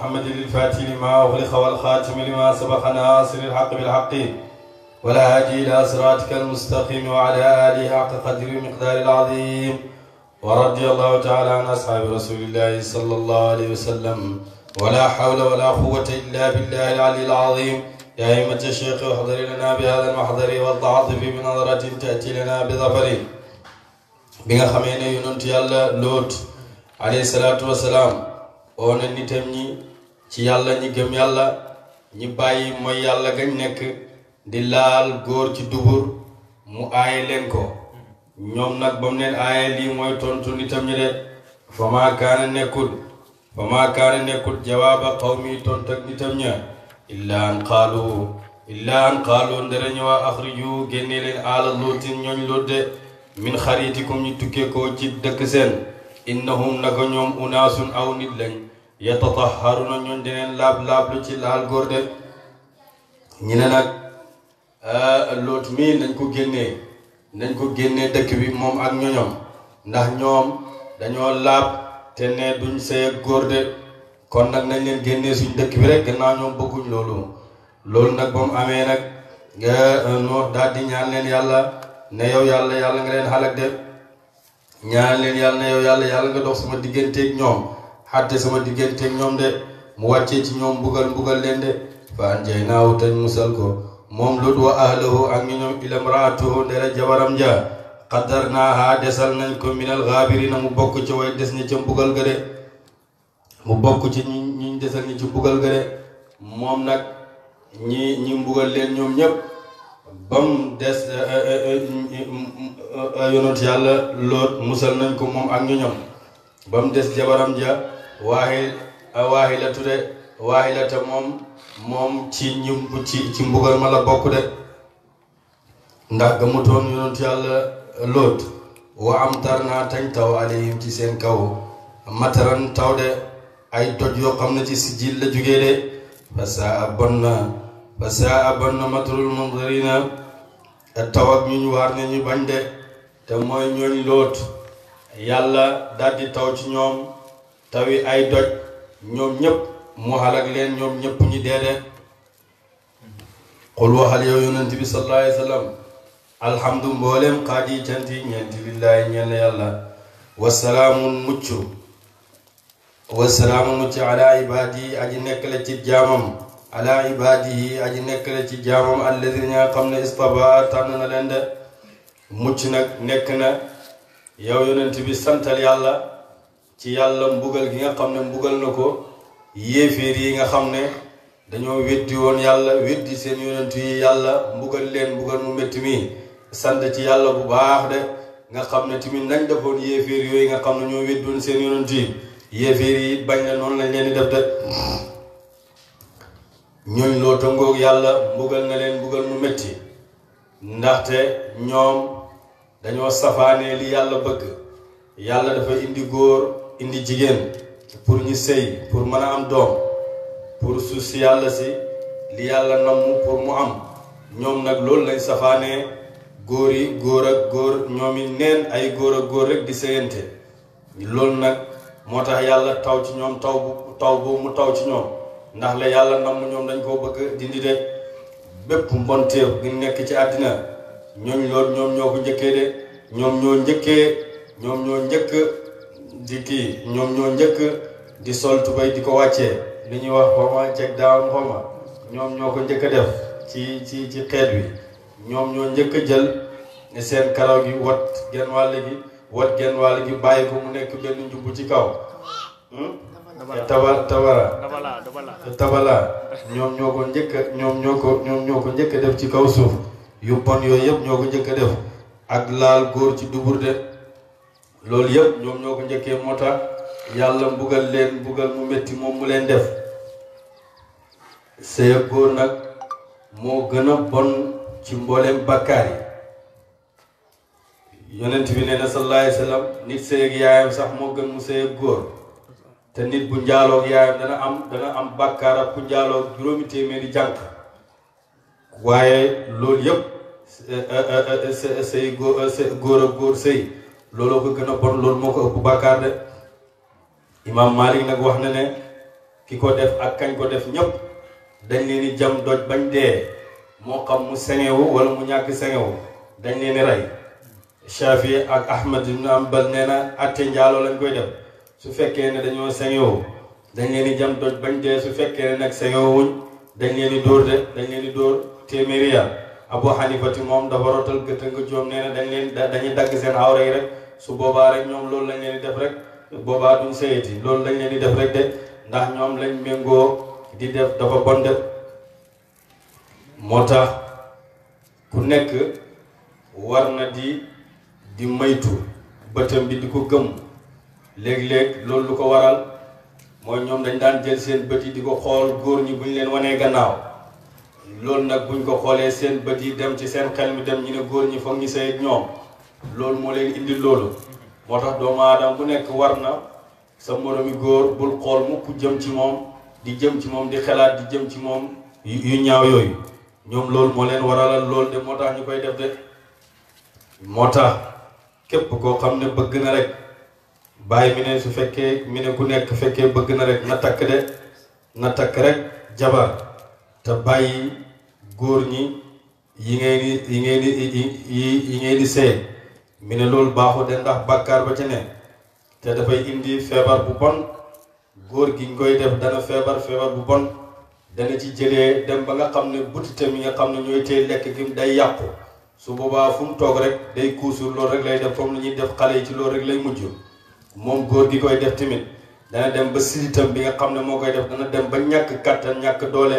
محمد الفاتح لما أغلق والخاتم لما سبق ناصر الحق بالحق ولا هادي إلى صراطك المستقيم وعلى آله حق قدر المقدار العظيم ورضي الله تعالى عن أصحاب رسول الله صلى الله عليه وسلم ولا حول ولا قوة إلا بالله العلي العظيم يا أئمة الشيخ احضر لنا بهذا المحضر والتعاطف بنظرة تأتي لنا بظفر بنا خمينة ينونت يالا لوت عليه الصلاة والسلام ونن نتمني ci yàlla ñi gëm yàlla ñi bàyyi mooy yàlla gañ nekk di laal góor ci dubur mu aaye leen ko ñoom nag ba mu aaye lii mooy tontu nitam ñi de fa maa kaana nekkul fa maa kaana nekkul jawaaba qawmi tontu ak nitam ña illaa an qaalu illaa ndere ñu waa axriju génne leen aala lootin ñooñ loot de min xaritikum ñu tukkee ko ci dëkk seen innahum naka ñoom unaasun aw nit lañ yatataharuna ñun dineen laab laab lu ci laal góor de ñi ne nag ah, loot mii nañ ko génnee nañ ko génnee dëkk bi moom ak ñoñom ndax ñoom dañoo laab te ne duñ sëy ak góor de kon nag nañ leen génnee suñ dëkk bi rek gannaaw ñoom bëgguñ loolu loolu nag moom mu amee nag nga ah, noox daal ñaan leen yàlla ne yow yàlla yàlla nga leen xalak de yow yàlla yàlla nga dox sama digganteeg ñoom xatte sama diggante ñoom de mu wàccee ci ñoom mbugal mbugal leen de fa anjaynaahu tañ musal ko moom lut wa ahlahu am ñu ñoom ila mraatuhu ndere jabaram ja qaddarnaaha desal nañ ko minal gaabirina mu bokk ci way des ñi ca mbugal ga de mu bokk ci ñi ñi desal ñi ci mbugal ga de moom nag ñi ñi mbugal leen ñoom ñëpp bam des eh, eh, eh, yonent yàlla loot musal nañ ko moom ak ñu ñoom bam des jabaram ja waaye waahilatu de waahilata moom moom ci ñi ci ma la bokk de ndax gëmutoon yonent yàlla lóot wa am tar naa tañ taw alayhim ci seen kaw mataran taw de ay toj yoo xam ne ci sijil la jugee de fa saa bon na saa bon matarul munzirina taw ak ñu ñu waar ne ñu bañ de te mooy ñooñ lóot yàlla daal taw ci ñoom tawi ay doj ñoom ñëpp mu halak leen ñoom ñëpp ñi deedee xul waxal yow yonent bi sallallahu alayhi wa sallam alhamdu mbooleem xaaj yi cant yi ñeenti lillaahi ñenn yàlla wasalaamu mucc wasalaamu mucc ala ibaadi yi aji nekk la ci jaamam ala ibaadi aji nekk la ci jaamam alladi ñaa xam ne istaba tànn na leen de mucc nag nekk na yow yonent bi santal yàlla ci yàlla mbugal gi nga xam ne mbugal na ko yéeféer yi nga xam ne dañoo weddi woon yàlla weddi seen yonent yi yàlla mbugal leen mbugal mu metti mi sant ci yàlla bu baax de nga xam ne tamit nañ defoon yéeféer yooyu nga xam ne ñoo weddoon seen yonent yi yéeféer na noonu lañ leen di def de ñooñ loo yàlla mbugal na leen mbugal mu métti ndaxte ñoom dañoo safaanee li yàlla bëgg yàlla dafa indi góor indi jigéen pour ñu sëy pour mën a am doom pour su si yàlla si li yàlla namm pour mu am ñoom nag loolu lay safaanee góor yi góor ak góor ñoom yi neen ay góor a góor rekk di sëyante loolu nag moo tax yàlla taw ci ñoom taw bu taw bu mu taw ci ñoom ndax la yàlla namm ñoom dañ koo bëgg dindi de bépp mbonteef gi nekk ci àddina ñoom ñoo ko njëkkee de ñoom ñoo njëkkee ñoom ñoo njëkk di kii ñoom ñoo njëkk di sol tubéy di ko wàccee li ñuy wax xawma jeg daawam xawma ñoom ñoo ko njëkk a def ci ci ci xeet wi ñoom ñoo njëkk jël seen karaw gi wat genn wàll gi wat genn wàll gi bàyyi ko mu nekk benn njubbu ci kaw hmm? tabala tabala tabala ñoom ñoo ko njëkk ñoom ñoo ko ñoom ñoo ko njëkk a def ci kaw suuf yu bon yooyu yëpp ñoo ko njëkk a def ak laal góor ci dubur de loolu yëpp ñoom ñoo ko njëkkee moo tax yàlla mbugal leen mbugal mu métti moom mu leen def sëy ak góor nag moo gën a bon ci mbooleem bàkkaar yi yonent bi nee na sallallahu nit sëy ak moo gën mu sëy góor te nit bu njaaloog yaayam dana am dana am bàkkaar ak ku njaaloog juróomi téeméeri jànq waaye loolu yëpp sëy góor sëy góor sëy looloo ko gën a bon loolu moo ko ëpp bàkkaar de imaam Malik nag wax na ne ki ko def ak kañ ko def ñépp dañ leen di jam doj bañ dee moo xam mu sengewu wala mu ñàkk sengewu dañ leen di rey Shafi ak Ahmad ibn Ambal nee na atte njaaloo lañ koy def su fekkee ne dañoo sengewu dañ leen di jam doj bañ dee su fekkee ne nag sengewuñ dañ leen di dóor de dañ leen di dóor téeméeri yar Abu Hanifati moom dafa rotal gëtë nga joom nee na dañ leen dañuy dagg seen awra rek su boobaa rek ñoom loolu lañu leen di def rek boobaa duñ sëyati loolu lañ leen di def rek de ndax ñoom lañ méngoo di def dafa bon de moo tax ku nekk war na di di maytu bëtam bi di ko gëm léeg-léeg loolu lu ko waral mooy ñoom dañ daan jël seen bët yi di ko xool góor ñi bu ñu leen wanee gannaaw loolu nag buñ ko xoolee seen bët yi dem ci seen xel mi dem ñu ne góor ñi foog ñu sëy ñoom loolu moo leen indi loolu moo tax doomu aadama bu nekk war na sa moromi góor bul xool mukk jëm ci moom di jëm ci moom di xalaat di jëm ci moom yu ñaaw yooyu ñoom loolu moo leen waralal loolu de moo tax ñu koy def de moo tax képp koo xam ne bëgg na rek bàyyi mi ne su fekkee mi ne ku nekk fekkee bëgg na rek na takk de na takk rek jabar te bàyyi góor ñi yi ngay ni yi ngay ni yi ngay di seen mu ne loolu baaxu de ndax bàkkaar ba ci ne te dafay indi feebar bu bon góor gi ñu koy def dana feebar feebar bu bon dana ci jëlee dem ba nga xam ne butitam yi nga xam ne ñooy tey lekk gi day yàqu su boobaa fu mu toog rek day kuusur loolu rek lay def comme lu ñuy def xale yi ci loolu rek lay mujj moom góor gi koy def tamit dana dem ba siritam bi nga xam ne moo koy def dana dem ba ñàkk kattan ñàkk doole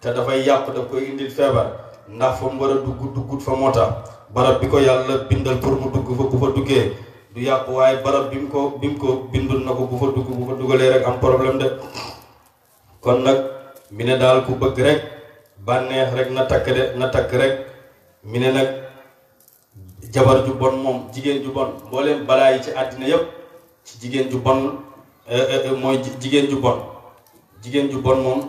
te dafay yàqu daf koy indil feebar ndax fa mu war a dugg moo tax barab bi ko yàlla bindal pour mu dugg fa bu fa duggee du yàqu waaye barab bi mu ko bi mu ko bindul na ko bu fa dugg bu fa dugalee rek am problème de kon nag mi ne daal ku bëgg rek bànneex rek na takk de na takk rek mi ne nag jabar ju bon moom jigéen ju bon mbooleem balaa yi ci àddina yépp ci jigéen ju bon eh, eh, eh, mooy jigéen ju bon ju bon moom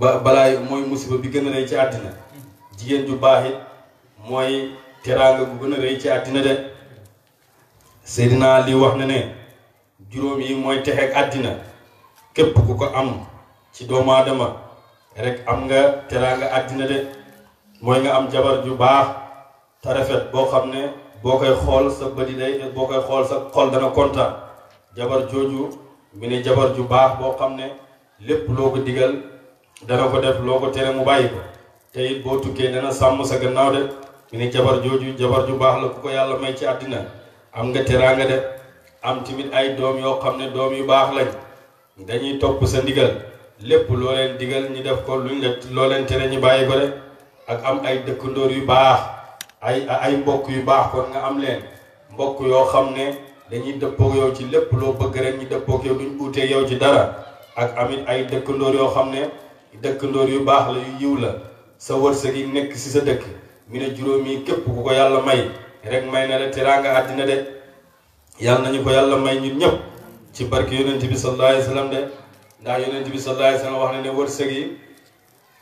ba balaa yi mooy musiba bi gën a rëy ci àddina jigéen ju baax it mooy teraanga gu gën a rëy ci àddina de Seydina li wax na ne juróom yi mooy texeeg àddina képp ku ko am ci doomu aadama rek am nga teraanga àddina de mooy nga am jabar ju baax te rafet boo xam ne boo koy xool sa bëdi day boo koy xool sa xool dana kontaan jabar jooju mu ne jabar ju baax boo xam ne lépp loo ko digal dana ko def loo ko tere mu bàyyi ko te it boo tukkee dana sàmm sa gannaaw de mu ne jabar jooju jabar ju baax la ku ko yàlla may ci àddina am nga teraanga de am tamit ay doom yoo xam ne doom yu baax lañ dañuy topp sa ndigal lépp loo leen digal ñi def ko luñ la loo leen tere ñu bàyyi ko de ak am ay dëkkandoor yu baax ay ay mbokk yu baax kon nga am leen mbokk yoo xam ne dañuy dëppoog yow ci lépp loo bëgg rek ñu dëppoog yow duñ uutee yow ci dara ak amit ay dëkkandoor yoo xam ne dëkkandoor yu baax la yu yiw la sa wërsëg yi nekk si sa dëkk mu ne juróom yi képp ku ko yàlla may rek may na la teraanga àddina de yàlla nañu ko yàlla may ñun ñëpp ci barke yonent bi sallallahu alayhi wa sallam de ndax yonent bi wax na ne wërsëg yi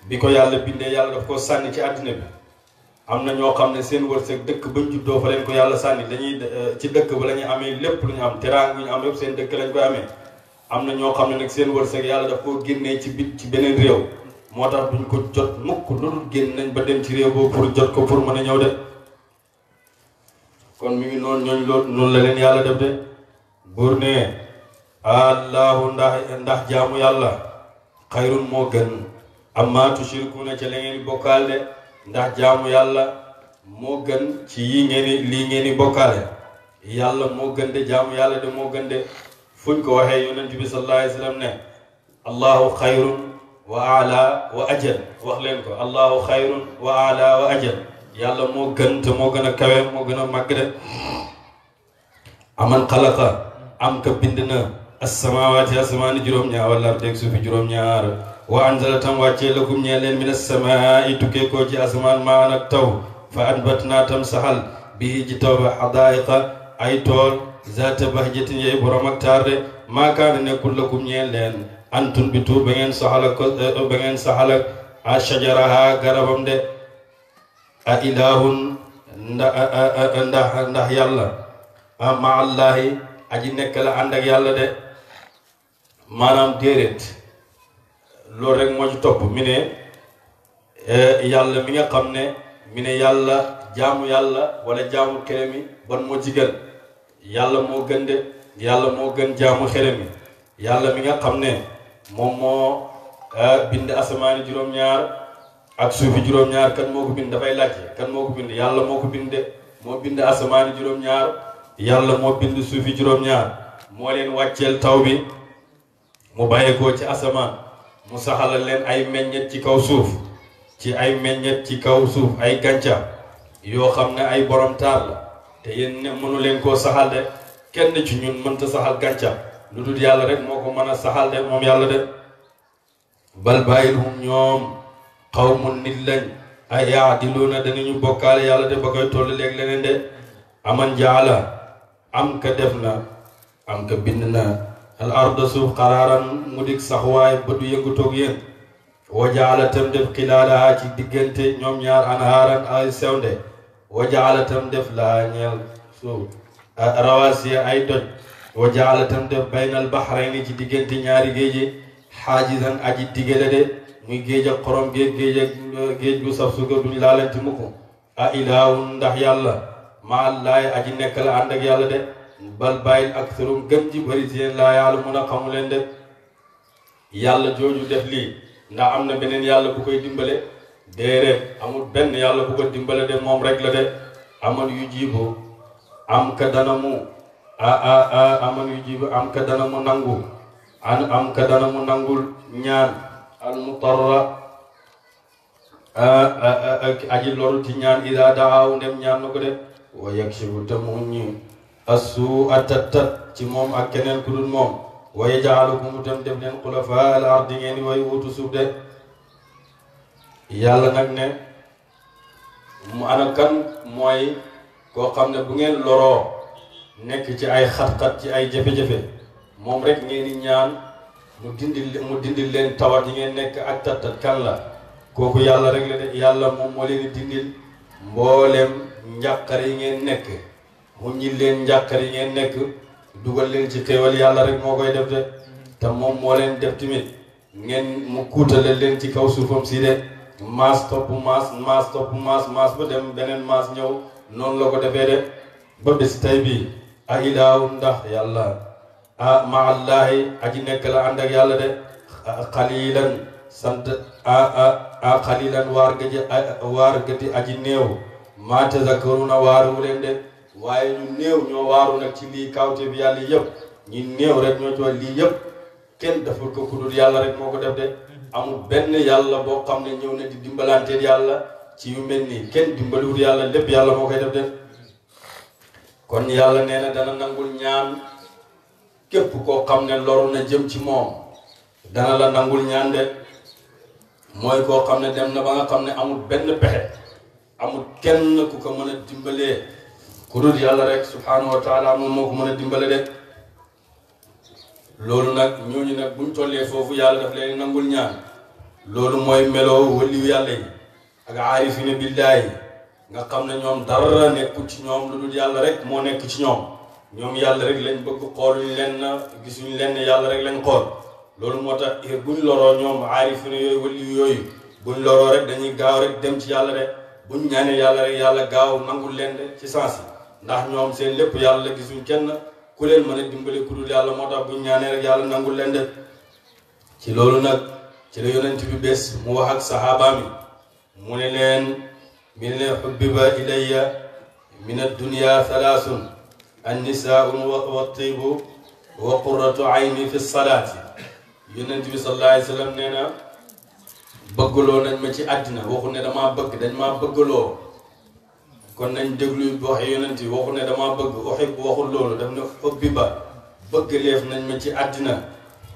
bi ko yàlla bindee yàlla daf ko sànni ci àddina bi am na ñoo xam ne seen wërsëg dëkk bañ juddoo fa leen ko yàlla sànni dañuy ci dëkk ba la ñuy amee lépp lu ñu am teraanga lu ñu am lépp seen dëkk lañ koy amee am na ñoo xam ne nag seen wërsëg yàlla daf koo génnee ci bit ci beneen réew moo tax duñ ko jot mukk lu dul génn nañ ba dem ci réew boobu pour jot ko pour mën a ñëw de kon mi ngi noonu noonu la leen yàlla def de buur ne allahu ndax ndax jaamu yàlla xayrun moo gën amma tushrikuuna ca la ngeen bokkaal de ndax jaamu yàlla moo gën ci yi ngeen lii ngeen i bokkaale yàlla moo gën de jaamu yàlla de moo gën de fuñ ko waxee yonent bi sallallahu alayhi wa ne allahu xayrun wa ala wa ajal wax leen ko allahu xayrun wa ala wa ajal yàlla moo gën te moo gën a kawe moo gën a màgg de aman xalaqa am ka bind na asamawaati asamaani juróom-ñaar wala dégg suufi juróom-ñaar wa anzala tam wàccee lakum ñee leen min asamaai tukkee koo ci asamaan maan ak taw fa anbat naa tam saxal bii ji taw ba xadaayiqa ay tool zaata bahjatin yey borom ak taar de maa kaana nekkul lakum ñee leen an tunbitu ba ngeen saxala ko ba ngeen saxala a shajaraha garabam de a ilahun ndax ndax yàlla ma allahi aji nekk la ànd yàlla de manam déedéet loolu rek moo ci topp mi e, yàlla mi nga xam ne mine yàlla jaamu yàlla wala jaamu xere mi ban moo ci gën yàlla moo gën de yàlla moo gën jaamu xere yàlla mi nga xam ne moom moo ah, bind asamaani juróom-ñaar ak suufi juróom-ñaar kan moo ko bind dafay laajte kan moo ko bind yàlla moo ko bind moo bind asamaani juróom-ñaar yàlla moo bind suufi juróom-ñaar moo leen wàcceel taw bi mu bàyyeekoo ci asamaan mu saxalal leen ay meññet ci kaw suuf ci ay meññet ci kaw suuf ay gàncax yoo xam ne ay borom taar la te yéen ne mënu leen koo saxal de kenn ci ñun mënta saxal gàncax. lu dul yàlla rek moo ko mën a saxal de moom yàlla de bal bàyyilhum ñoom mu nit lañ ay yaadiluuna danañu bokkaale yàlla de ba koy toll léeg leneen de aman jaala am ka def na am ka bind na al arda suuf xaraaran mu dig saxwaay ba du yëngu toog wa jaala tam def xilaalaha ci diggante ñoom ñaar anhaaran ay sewnde wa jaala tam def laa ñeel suuf rawaasiya ay doj wa jaala tam def baynal bahrayni ci diggante ñaari géeje xaajisan aji diggale de muy géej ak xorom géej géej ak géej gu saf suga duñ laalante mu ko a ilaahun ndax yàlla maa laay aji nekk la ànd ak yàlla de bal bàyyil ak sarum gën ji bëri laa yàlla mun a xamu leen de yàlla jooju def lii ndax am na beneen yàlla bu koy dimbale déedéet amul benn yàlla bu ko dimbale de moom rek la de aman yu jiibu am ka dana a yu jibu am ka dana mu nangu am ka dana mu nangul ñaan al mutarra aji loru ti ñaan ida daaw ndem ñaan na de wa yakshifu ta mu ñi assu a tattat ci moom ak keneen ku dul moom wa yajaalukum tam def leen xulafa al ardi ngeen way wutu suuf de yàlla nag ne mu ana kan mooy koo xam ne bu loroo nekk ci ay xat-xat ci ay jafe-jafe moom rek ngeen di ñaan mu dindi mu dindil leen tawat yi ngeen nekk ak tattat kan la kooku yàlla rek la de yàlla moom moo leen di dindil njàqare yi ngeen nekk mu ñil leen njàqare yi ngeen nekk dugal leen ci xéewal yàlla rek moo koy def de te moom moo leen def tamit ngeen mu kuutale leen ci kaw suufam si de maas topp maas maas topp maas maas ba dem beneen maas ñëw noonu la ko defee de ba bis tey bii a ilaahum ndax yàlla a ma allaahi aji nekk la ànd yàlla de xalilan sant a a a xalilan waar gëji waar gëti aji néew maa tazakkaruna waaru leen de waaye ñu néew ñoo waaru nag ci lii kaw bi yàlla yëpp ñi néew rek ñoo ci lii yëpp kenn deful ko ku yàlla rek moo ko def de amul benn yàlla boo xam ne ñëw na di dimbalanteel yàlla ci yu mel nii kenn dimbaluwul yàlla lépp yàlla moo koy def de kon yàlla nee na dana nangul ñaan képp koo xam ne loru na jëm ci moom dana la nangul ñaan de mooy koo xam ne dem na ba nga xam ne amul benn pexe amul kenn ku ko mën a dimbalee ku dul yàlla rek subhanahu wa moom moo ko mën a dimbale de loolu nag ñooñu nag buñ tollee foofu yàlla daf leen nangul ñaan loolu mooy meloo wëliw yàlla yi ak aarifina billaahi nga xam ne ñoom dara nekkul ci ñoom lu dul yàlla rek moo nekk ci ñoom ñoom yàlla rek lañ bëgg xooluñ leen gisuñ lenn yàlla rek lañ xool loolu moo tax bu eh, buñ loroo ñoom aarifu ne yooyu wali yooyu buñ loroo rek dañuy gaaw rek dem ci yàlla rek buñ ñaanee yàlla rek yàlla gaaw nangul leen ci sens yi ndax ñoom seen lépp yàlla gisuñ kenn ku leen mën a dimbale ku dul yàlla moo tax bu buñ ñaanee rek yàlla nangul leen de ci loolu nag ci la yonent bi bés mu wax ak saxaabaam yi min ne xubbiba ilayya min addunya thalaathun annisaau wa tibu wa qurratu ayni fi salaati yonent bi sallallahu nee na bëggaloo nañ ma ci àddina waxu ne damaa bëgg dañ maa bëggaloo kon nañ déglu wax yonent yi waxu ne damaa bëgg uhibbu waxul loolu daf ne xubbiba bëggaleef nañ ma ci àddina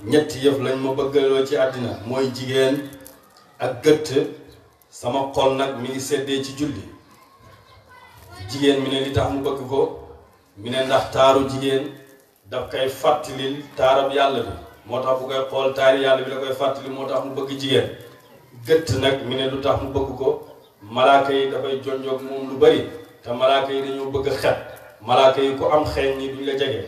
ñetti yëf lañ ma bëggaloo ci àddina mooy jigéen ak gëtt sama xol nag mi ngi seddee ci julli jigéen mi ne li tax mu bëgg ko mi ne ndax taaru jigéen daf koy fàttalil taarab yàlla bi moo tax bu koy xool taari yàlla bi da koy fàttali moo tax mu bëgg jigéen gëtt nag mi ne lu tax mu bëgg ko malaaka yi moom lu bari te malaaka yi dañoo bëgg xet malaaka yi ku am xeeñ nii duñ la jege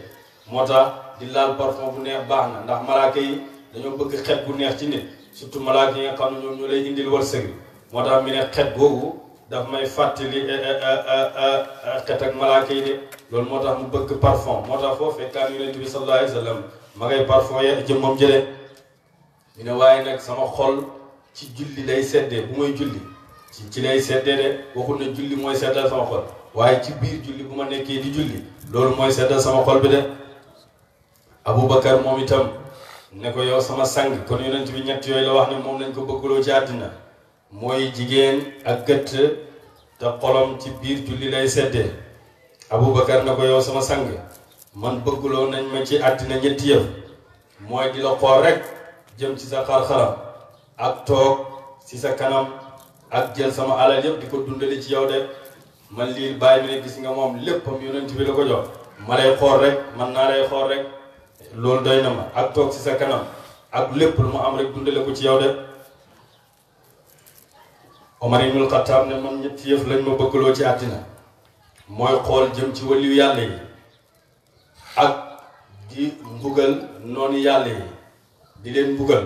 moo tax di laal parfum bu neex baax na ndax malaaka yi dañoo bëgg xet bu neex ci nit surtout malaaka yi nga xam ne ñoom ñoo lay indil wërsëg moo tax mi ne xet boobu daf may fàttali eh, eh, eh, xet ak malaaka de loolu moo tax mu bëgg parfum moo tax foofu fekkaan yonent bi sallallahu alayhi wa sallam ma ngay parfum ya jëmmam jële ñu ne waaye nag sama xol ci julli day seddee bu may julli ci ci lay seddee de waxul ne julli mooy seddal sama xol waaye ci biir julli bu ma nekkee di julli loolu mooy seddal sama xol bi de Aboubacar moom itam ne ko yow sama sang kon yonent bi ñett yooyu la wax ne moom lañ ko bëggloo ci àddina mooy jigéen ak gëtt te xolom ci biir julli lay sedde abubakar na ko yow sama sang man bëgguloo nañ ma ci àddina ñetti yëf mooy di la xool rek jëm ci sa xar-xaram ak toog ci sa kanam ak jël sama alal yëpp di ko dundale ci yow de man lii bàyyi mi gis nga moom léppam yonent bi la ko jox ma lay xool rek man naa lay xool rek loolu doy na ma ak toog ci sa kanam ak lépp lu mu am rek dundale ko ci yow de Omar ibnul Xattaab ne man ñetti yëf lañ ma bëggloo ci àddina mooy xool jëm ci waliyu yàlla yi ak di mbugal noonu yàlla yi di leen mbugal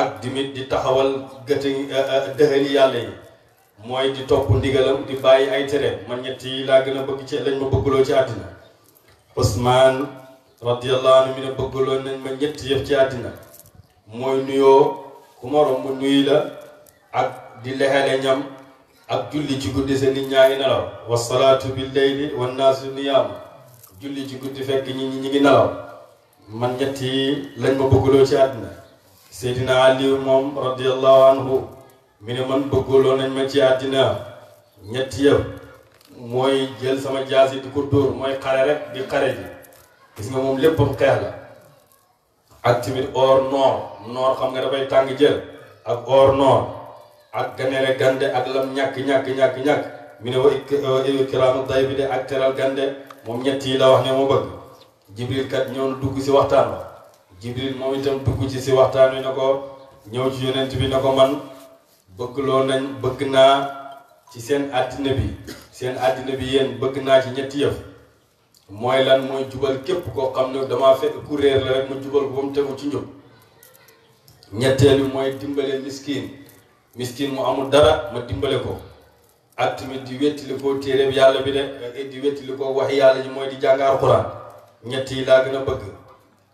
ak dimit di taxawal gëtë eh, eh, dëxëri yàlla yi mooy di topp ndigalam di bàyyi ay tere man ñetti yi laa gën a bëgg ci lañ ma bëggloo ci àddina Usmaan radiyallahu anhu mi ne bëggloo nañ ma ñett yëf ci àddina mooy nuyoo ku ma romb nuyu la ak di lexele ñam ak julli ci guddi seen nit ñaa ngi nelaw wasalaatu bi leyli wannaasu niyaam julli ci guddi fekk ñi ñi ngi nelaw man ñett yi lañ ma bëggloo ci àddina Seydina Aliou moom radiyallahu anhu mi ne man bëggloo nañ ma ci àddina ñetti yëpp mooy jël sama jaas yi di ko dóor mooy xare rek di xare ji gis moom léppam xeex la ak tamit or noor noor xam nga dafay tàng jël ak or noor ak ganere gande ak lam ñàkk ñàkk ñàkk ñàkk mi ne wa ikraamu day bi de ak teral gande moom ñett yi la wax ne mu bëgg jibril kat ñëw dugg si waxtaan wa jibril moom itam dugg ci si waxtaan wi ne ko ñëw ci yonent bi ne ko man bëgg loo nañ bëgg naa ci seen àddina bi seen addina bi yéen bëgg naa ci ñetti yëf mooy lan mooy jubal képp koo xam ne damaa fekk ku réer la rek mu jubal ko ba mu tegu ci njub ñetteel bi mooy dimbale miskin miskin mu amul dara ma dimbale ko ak tamit di wettili koo téeréeb yàlla bi de eh, di wettili koo wax yàlla ji mooy di jàng alquran ñett laa gën a bëgg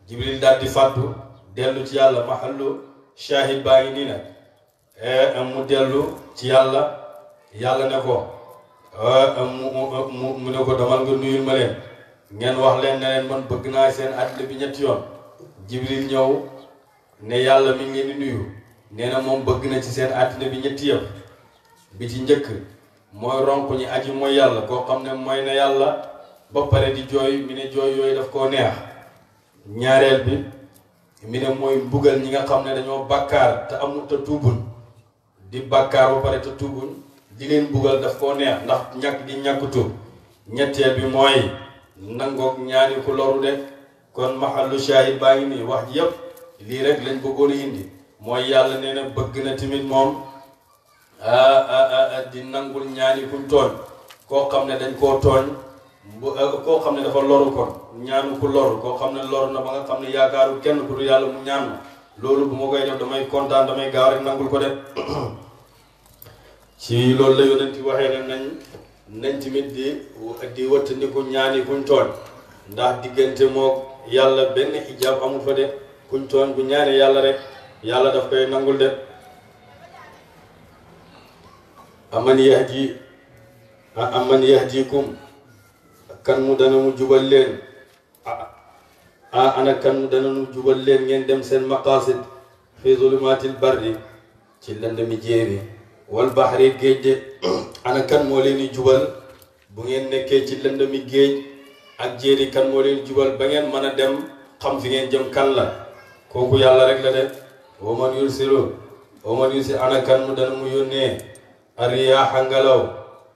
jibril daal di fàttu dellu ci yàlla mahallu shahid baa ngi nii nag eh, mu dellu ci yàlla yàlla ne ko eh, mu mu mu ne ko damal nga nuyul ma leen ngeen wax leen ne leen man bëgg naa seen àddina bi ñetti yoon jibril ñëw ne yàlla mi ngi nuyu nee na moom bëgg na ci seen àddina bi ñetti yëpp bi ci njëkk mooy ronk ñi aji mooy yàlla koo xam ne mooy na yàlla ba pare di jooy mi ne jooy yooyu daf koo neex ñaareel bi mi mooy mbugal ñi nga xam ne dañoo bàkkaar te amul te di bàkkaar ba pare te tuubul di koo neex ndax ñàkk di ñàkkutu ñetteel bi mooy nangoog ñaani ku loru de kon mahallu shaahid baa ngi nii wax ji yëpp lii rek lañ bëggoon indi mooy yàlla nee na bëgg na tamit moom di nangul ñaani kuñ tooñ koo xam ne dañ koo tooñ koo xam ne dafa loru kon ñaanu ku loru koo xam ne loru na ba nga xam ne yaakaaru kenn ku du yàlla mu ñaan loolu bu ma koy def damay kontaan damay gaaw rek nangul ko de ci loolu la yonent yi waxee ne nañ nañ tamit di di wëttandiku ñaani kuñ tooñ ndax diggante mook yàlla benn ijaab amul fa de kuñ tooñ bu ñaane yàlla rek yàlla daf koy nangul de aman yahdi aman yahdikum kan mu dana mu jubal leen a ana kan mu dana mu jubal leen ngeen dem seen maqasid fi zulumaatil barri ci lëndami jéeri wal baxri géej de ana kan moo leen di jubal bu ngeen nekkee ci lëndami géej ak jéeri kan moo leen jubal ba ngeen mën a dem xam fi ngeen jëm kalla kooku yàlla rek la de wa man yursilu wa man yursil ana kan mu dana mu yónnee arriyaaxa ngelaw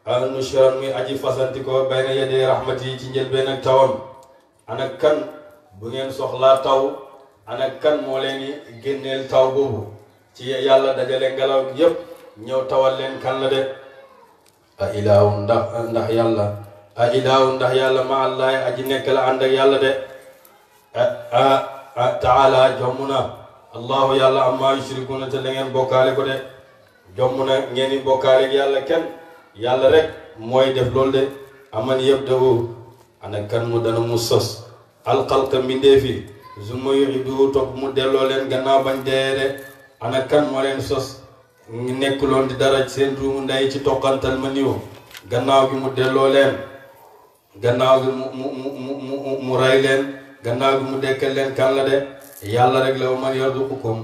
al mushiran muy aji fasanti ko bayna yadee rahmat ci njëlbeen ak tawam ana kan bu ngeen taw ana kan moo leen di taw boobu ci yàlla dajale ngelaw yépp ñëw tawal leen kan la de a ilaahu ndax ndax yàlla a ilaahu ndax yàlla ma allah aji nekk la ànd de taala jomm allahu yàlla amma yushrikuna te da ngeen bokkaale ko de jomm na ngeen di bokkaale yàlla kenn yàlla rek mooy def loolu de aman yabda'u ana kan mu dana mu sos alxalqa mbindee fi summa yu'iiduhu topp mu delloo leen gannaaw bañ dee de ana kan moo leen sos loon di dara seen ruumu ndey ci toqantal ma niw gannaaw gi mu delloo leen gannaaw gi mu mu mu leen gannaaw gi mu dekkal leen de yàlla rek la wa man yarzuqukum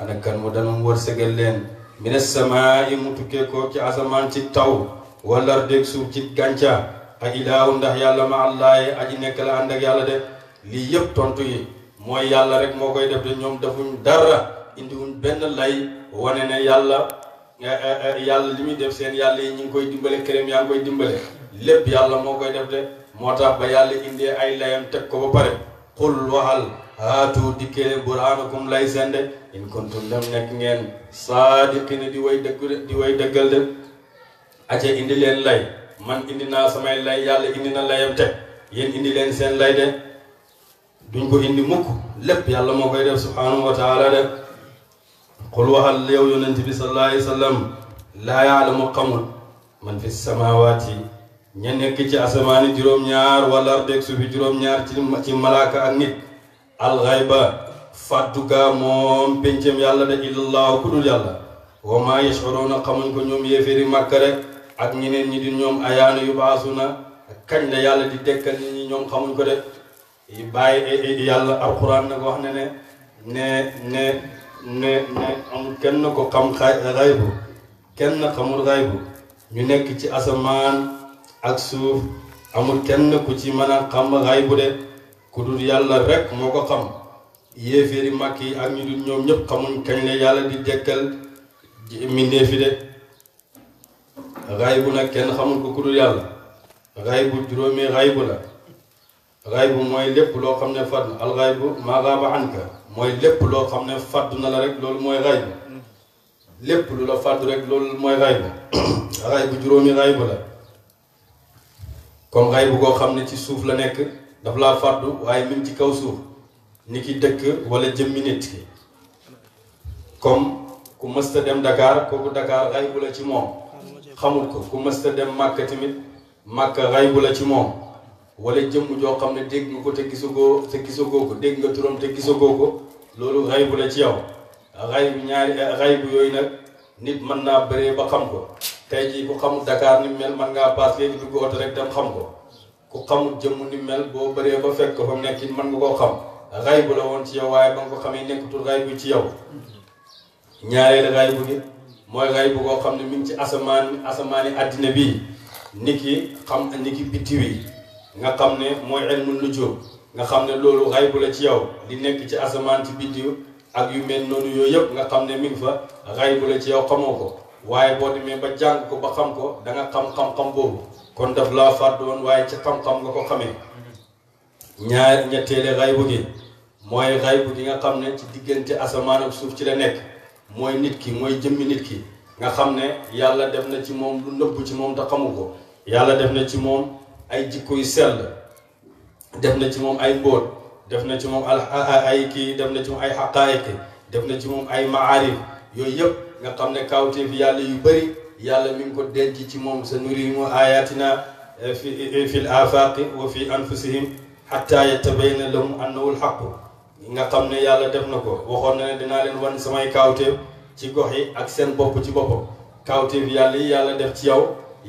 ana kan mu dana mu wërsëgal leen mina samaa'i mu tukkee ko ci asamaan ci taw wala dégg suuf ci gàncax ak ilaahu ndax yàlla ma allaahi aji nekk la ànd ak yàlla de lii yëpp tontu yi mooy yàlla rek moo koy def de ñoom defuñ dara indiwuñ benn lay wane ne yàlla eh, eh, eh, yàlla li muy def seen yàlla yi ñu ngi koy dimbale këram yaa ngi koy dimbale lépp yàlla moo koy def de moo tax ba yàlla indee ay layam teg ko ba pare qul waxal haatu dikkee burhaanakum lay seen de in kuntum dem nekk ngeen saadiqina di way dëgg di way dëggal de ace indi leen lay man indi naa samay lay yàlla indi na layam te yéen indi leen seen lay de duñ ko indi mukk lépp yàlla moo koy def subhanahu wa taala de qul waxal yow yonent bi sallallahu alayhi wa sallam laa yaalamu xamul man fi samaawaati ña nekk ci asamaani juróom-ñaar wala ardeeg suufi juróom-ñaar ci malaaka ak nit alxayba fàttu gaa moom péncam yàlla da illallahu ku dul yàlla wa maa yash'uruuna xamuñ ko ñoom yéeféeri màkk rek ak ñeneen ñi di ñoom ayaana yu baasu na kañ la yàlla di dekka nit ñi ñoom xamuñ ko de bàyyi e, e, yàlla alxuraan nag wax ne ne ne ne ne ne kenn ko xam xaybu kenn xamul xaybu ñu nekk ci asamaan ak suuf amul kenn ku ci mën a xam xaybu de ku dul yàlla rek moo ko xam yéeféeri màkk yi ak ñu dul ñoom ñëpp xamuñ kañ la yàlla di dekkal mbindéef yi de xaybu nag kenn xamul ko ku dul yàlla xaybu juróomi xaybu la xaybu mooy lépp loo xam ne fadd loo xam ne na la rek loolu mooy xaybu lépp lu la fadd rek loolu mooy xaybu xaybu juróomi xaybu la comme xay bu koo xam ne ci suuf la nekk daf laa fàddu waaye mi ci kaw suuf ni ki dëkk wala jëmmi nit ki comme ku mësta dem Dakar kooku Dakar xay bu la ci moom xamul ko ku mësta dem Màkka tamit Màkka xay la ci moom wala jëmm joo xam ne dégg nga ko te gisagoo te gisagoo ko dégg nga turam te gisagoo ko loolu xay la ci yow xay bu ñaari xay bu nag nit mën naa bëree ba xam ko tey jii ku xamul Dakar ni mel man ngaa paas léegi dugg oto rek dem xam ko ku xamul jëmm ni mel boo bëree ba fekk fa nekk man nga koo xam ray bu la woon ci yow waaye ba nga ko xamee nekkatul ray ci yow ñaareel ray bu nit mooy ray koo xam ne mi ngi ci asamaan asamaani àddina bii niki xam niki biddiw yi nga xam ne mooy ilmu nujum nga xam ne loolu ray la ci yow li nekk ci asamaan ci biddiw ak yu mel noonu yooyu yëpp nga xam ne mi ngi fa ray la ci yow xamoo ko waaye boo demee ba jàng ko ba xam ko danga nga xam xam-xam boobu kon daf laa fàdd woon waaye ci xam-xam nga ko xamee ñaar ñetteele xaybu gi mooy xaybu gi nga xam ne ci diggante asamaan ak suuf ci la nekk mooy nit ki mooy jëmmi nit ki nga xam ne yàlla def na ci moom lu nëbbu ci moom te xamu ko yàlla def na ci moom ay jikko yu sell def na ci moom ay mbóot def na ci moom ay kii def na ci moom ay xaqaayiq def na ci moom ay maarif yooyu yëpp nga xam ne kawteef yàlla yu bëri yàlla mi ngi ko denc ci moom sa nurihimu ayatina eh, fi eh, fi l afaqi wa fi anfusihim xatta yatabayana lahum annahu lxaqu nga xam ne yàlla def na ko waxoon na ne dinaa leen wan samay kawteef ci gox yi ak seen bopp ci boppam kawteef yàlla yi yàlla def ci yow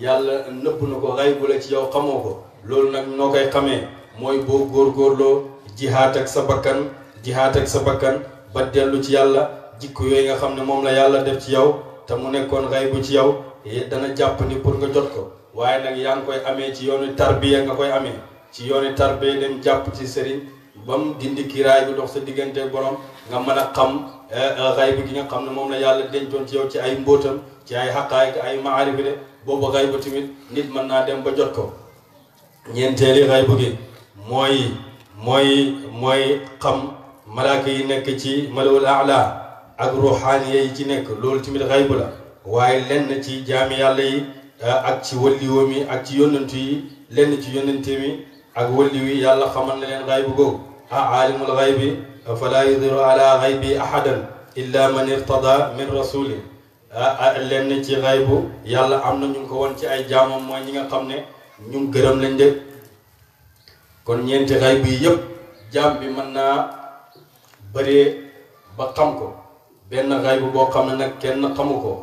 yàlla nëpp na ko xaybu la ci yow xamoo ko loolu nag noo koy xamee mooy boo góorgóorloo jihaat ak sa bakkan jihaat ak sa bakkan ba ci yàlla jikko yooyu nga xam ne moom la yàlla def ci yow te mu nekkoon xay bu ci yaw eh, dana jàpp ni pour nga jot ko waaye nag yaa ngi koy amee ci yoonu tarbiya nga koy amee ci yoonu tarbiya dem jàpp ci sëriñ ba mu dindi kiraay bi dox sa diggante borom nga mën a xam xay eh, eh, bi gi nga xam ne moom la yàlla dencoon ci yow ci ay mbóotam ci ay xaqaay ay maarif de boobu xay bu tamit nit mën naa dem ba jot ko ñeenteeli xay bu gi mooy mooy mooy xam malaaka yi nekk ci malawul ak ruuxaaniya yi ci nekk loolu tamit xaybu la waaye lenn ci jaami yàlla yi eh, ak ci walliwoom yi ci yonantu yi lenn ci yonante mi ak walliw yi yàlla xamal na leen xaybu googu ah aalimul xaybi falaa yudiru ala xaybi illa man irtada min rasuli ah, ah, lenn ci xaybu yàlla am na ñu ngi ko woon ci ay jaamam mooy ñi nga xam ne ñun gërëm lañ de kon ñeenti xaybu yi yëpp jaam bi mën naa bëree ba xam ko benn xaybu boo xam ne nag kenn xamu ko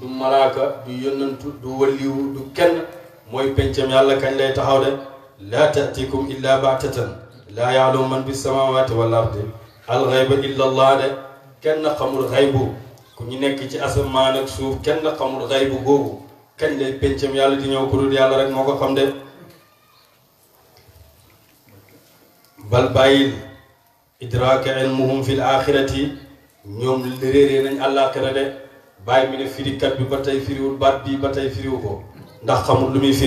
du malaaka du yónnantu du waliwu du kenn mooy pencam yàlla kañ lay taxaw de laa tatikum illa baatatan laa yaalamu man bi samawaati wal ardi al xayba illa allah de kenn xamul xaybu ku ñu nekk ci asamaan ak suuf kenn xamul xaybu googu kañ lay pencam yàlla di ñëw ku dul yàlla rek moo ko xam de bal bàyyil idraaka ilmuhum fi l ñoom réeree nañ àllaaxira de bàyyi mi ne firikat bi ba tey firiwul baat bii ba tey firiwu ndax lu muy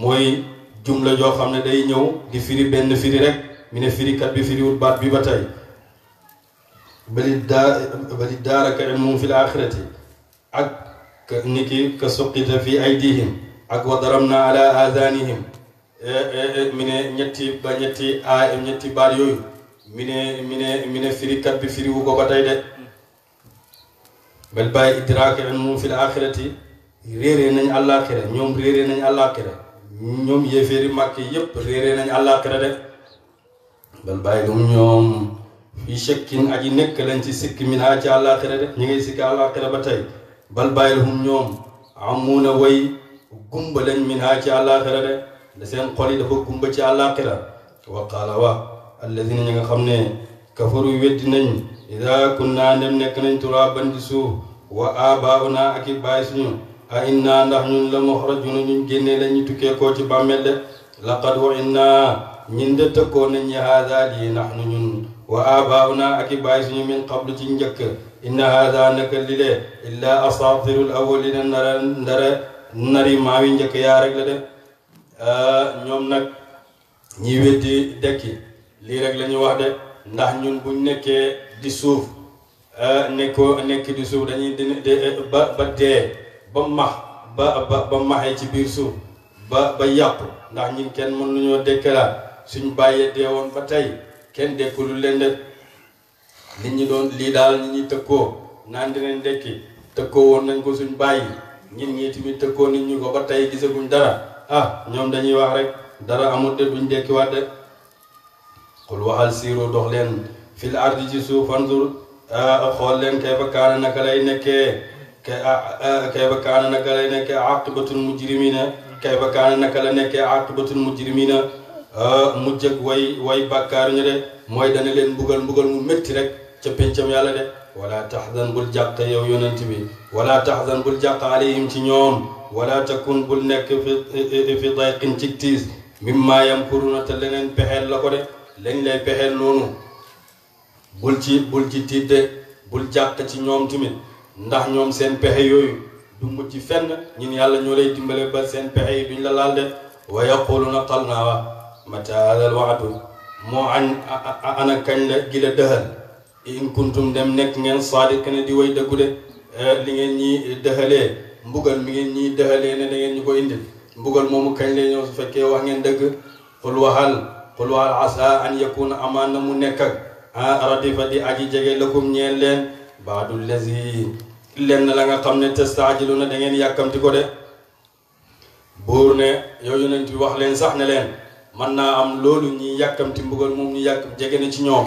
mooy jumla joo xam ne day ñëw di firi benn firi mi ne firikat bi firiwul baat bi ba tey bali daa bali daaraka ilmum fil ak ni ki ka suqita fi aydihim ak wa daramna ala adanihim eh, eh, eh, mi ne ñetti ñetti baat yooyu mi ne mi ne mi ne firikat ba tey de bel bàyyi idraake en moom fil axirati réeree nañ àllaaxira ñoom réeree nañ àllaaxira ñoom yéeféeri màkke yépp réeree nañ àllaaxira de bel bàyyi dum ñoom fii shakkin aji nekk lañ ci sikk min a ci àllaaxira de ñu ngi sikk àllaaxira ba tey bal bàyyil hum ñoom amuuna way gumba lañ min a ci àllaaxira de da seen xol yi dafa gumba ci àllaaxira wa qaala wa alladina ñi nga xam ne kafaru weddi nañ ida kunna ndem nekk nañ turaaban di wa abauna ak i baay a inna ndax ñun la muxrajuna ñun génnee la ñu tukkee koo ci bàmmeel de laqad wa inna ñun de tëkkoon nañ ñi haada lii nax wa abauna ak i baay min qablu ci njëkk inna haada naka lile illa asatirul awalina nari maawi njëkk yaa la de ñoom nag ñi weddi dekki lii rek la ñuy wax de ndax ñun buñ nekkee di suuf eh, nekkoo nekk di suuf dañuy ba ba dee ba max ba ba ba maxee ci biir suuf ba ba yàpp ndax ñun kenn mën nañoo dekkalaat suñ bàyyee dee woon ba tey kenn dekkulu leen de nit ñi doon lii daal nit ñi tëkkoo naan dinañ dekki tëkkoo woon nañ ko suñ bàyyi ñun ñii tamit tëkkoo nit ñu ko ba tey gisaguñ dara ah ñoom dañuy wax rek dara amul de duñ dekkiwaat de xul waxal siiru dox leen fil ardi ci suuf fanzur xool leen kayfa kaana naka lay nekkee kayfa kaana naka lay nekkee aqibatul mujrimina kayfa kaana naka la nekkee aqibatul mujrimina mujj ak way way bàkkaar ñu de mooy dana leen mbugal mbugal mu métti rek ca pencam yàlla de wala taxzan bul jàq yow yonent bi wala taxzan bul jàq alayhim ci ñoom wala takun bul nekk fi fi dayqin ci tiis mimma yamkuruna te leneen pexeel la ko de lañ lay pexee noonu bul ci bul ci tiidde bul jàq ci ñoom tamit ndax ñoom seen pexe yooyu du mucc fenn ñun yàlla ñoo lay dimbale ba seen pexe yi duñ la laal de wa yaquluna xal naa wa mata hadal waxtu moo añ a kañ la gi la dëxal in kuntum dem nekk ngeen saadiq ne di way dëggu de eh, li ngeen ñi dëxalee mbugal mi ngeen ñiy dëxalee ne da ngeen ñu ko indil mbugal moomu kañ lay ñëw su fekkee wax ngeen dëgg xul waxal qul wa asa an yakuna amaan na mu nekk ah radifa di aji jege ko ñeen leen baadu lazi lenn la nga xam ne testaajilu na da ngeen yàkkamti ko de buur ne yooyu yonent bi wax leen sax ne leen man naa am loolu ñi yàkkamti mbugal moom ñu yàkk jege na ci ñoom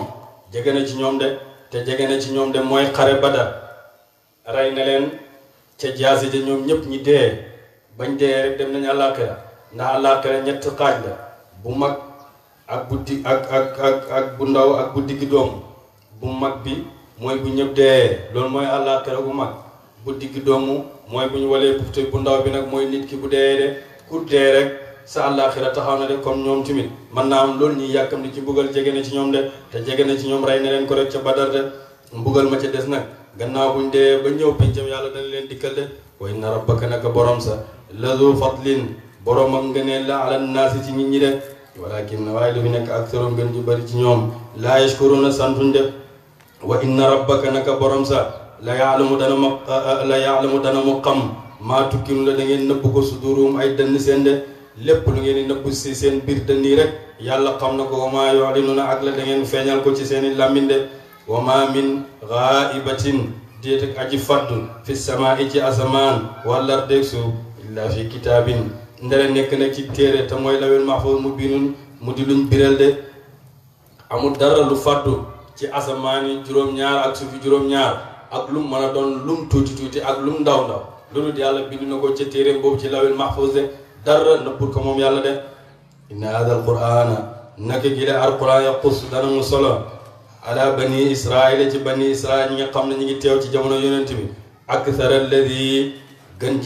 jege na ci ñoom de te jege na ci ñoom de mooy xare badar rey na leen ca jaasi ja ñoom ñëpp ñi dee bañ dee rek dem nañ àllaaxira ndax àllaaxira ñett xaaj la bu mag ak bu di ak ak ak bu ndaw ak bu digg doomu bu mag bi mooy bu ñëpp dee loolu mooy àllaaxira bu mag bu digg doomu mooy bu ñu walee bufte bu ndaw bi nag mooy nit ki bu dee de ku dee rek sa àllaaxira taxaw na de comme ñoom tamit man naa am loolu ñu yàkkam ni ci mbugal jege na ci ñoom de te jege na ci ñoom rey na leen ko rek ca badar de mbugal ma ca des nag gannaaw buñ dee ba ñëw pencam yàlla dana leen dikkal de way na rabbaka naka borom sa lazu walakin na waaye lu fi nekk ak soroom gën ju bëri ci ñoom laa yashkuruna santuñ def wa inna rabbaka naka borom sa la yaalamu dana ma la yaalamu dana mu xam maa tukkinu la da ngeen nëbb ko sudurum ay dënn seen de lépp lu ngeen di nëbb si seen biir dënn yi rek yàlla xam na ko wa maa yu'linuna ak la da ngeen feeñal ko ci seen i làmmiñ de wa maa min ghaibatin déet ak aji faddu fi samaa ci asamaan wala dégg suuf illa fi kitaabin ndere nekk na ci téere te mooy lawil mu binun mu di luñ biral de amul dara lu fàddu ci asamaani juróom-ñaar ak suufi juróom-ñaar ak lum mën a doon lum tuuti tuuti ak lum ndaw ndaw loolu yàlla bind na ko ca téere boobu ci lawil mahfuus de dara nëbbul ko moom yàlla de inna hada alqurana naka gi de alquran mu solo ala bani israila ci bani israil ñi nga xam ne ñu ngi teew ci jamono yonent bi ak sara alladi gën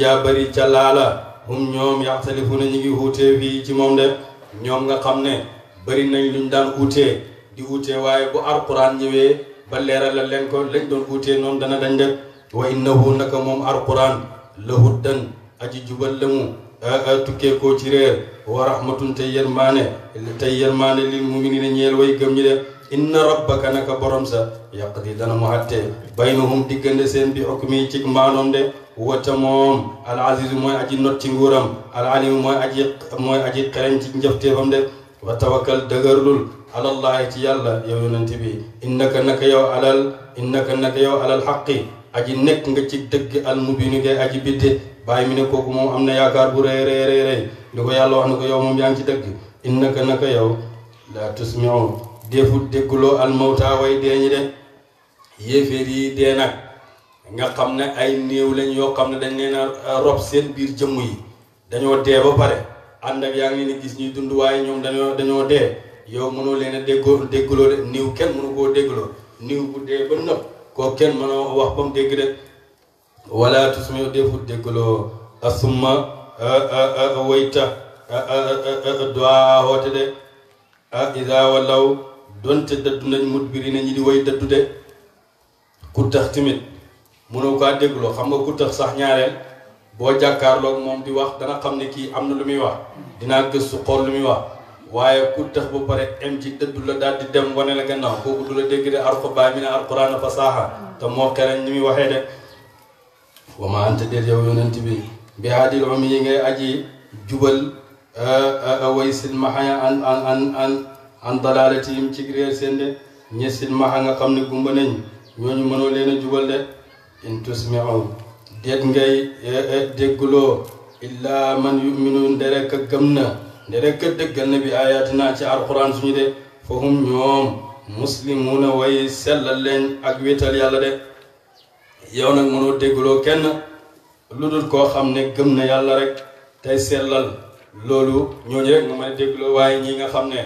ca laala hum ñoom yaxtalifu na ñu ngi wuutee ci moom de ñoom nga xam ne bëri nañ luñ daan uutee di uutee waaye bu alquran ñëwee ba leeralal leen ko lañ doon uutee noonu dana dañ de wa innahu naka moom alquran lahuddan aji jubal la mu tukkee koo ci réer wa rahmatun tey yërmaane tey yërmaane lil muminina ñeel way gëm ñi de inna rabbaka naka borom sa yaqdi dana mu àttee baynahum diggante seen bi xukmi ci maanoom de huwa te moom al aziz mooy aji not ci nguuram al alim mooy aji mooy aji xereñ ci njëfteefam de wa tawakkal dëgërlul alallahi ci yàlla yow yonent bi innaka naka yow alal innaka naka yow alal xaqi aji nekk nga ci dëgg al mubini ngay aji bidde bàyyi mi ne kooku moom am na yaakaar bu rëy rëy rëy rëy ko yàlla wax na ko yow moom yaa ngi ci dëgg innaka naka yow la tusmiu defu dégguloo al mawta way deeñi de yéeféer dee nag nga xam ne ay néew lañ yoo xam ne dañ leen a rob seen biir jëmm yi dañoo dee ba pare ànd ak yaa ngi leen gis ñuy dund waaye ñoom dañoo dañoo dee yow mënoo leen a déggoo déggloo de niiw kenn mënu koo déggloo niiw bu dee ba nëb koo kenn mënoo wax ba mu dégg de wala tusmi defut déggloo asumma wayta doaawoote de ida wallaw donte daddu nañ mut biri na ñi di way daddu de ku tax timit mënoo kaa dégloo xam nga ku sax ñaareel boo jàkkaarloog moom di wax dana xam ne kii am na lu muy wax dinaa gëstu xool lu muy wax waaye ku tëx ba pare em ci dëddu la daal di dem wane la gannaaw kooku du la dégg de arko baay mi ne alquran fa saaxa te moo xereñ ni muy waxee de wa ma anta déet yow yonent bi bi haadil umi yi ngay aji jubal way silmaxa an an an an an ci réer seen de ñe silmaxa nga xam ne gumba nañ ñooñu mënoo leen a jubal de in tusmiu déet ngay dégguloo illaa man yuminu ndere ka gëm na ndere ka dëggal na bi ayatina ci alquran suñu de fahum ñoom muslimuuna way sellal leen ak wéetal yàlla de yow nag mënoo dégguloo kenn lu dul koo xam ne gëm na yàlla rek tey sellal loolu ñooñu rek nga mën a waaye ñii nga xam ne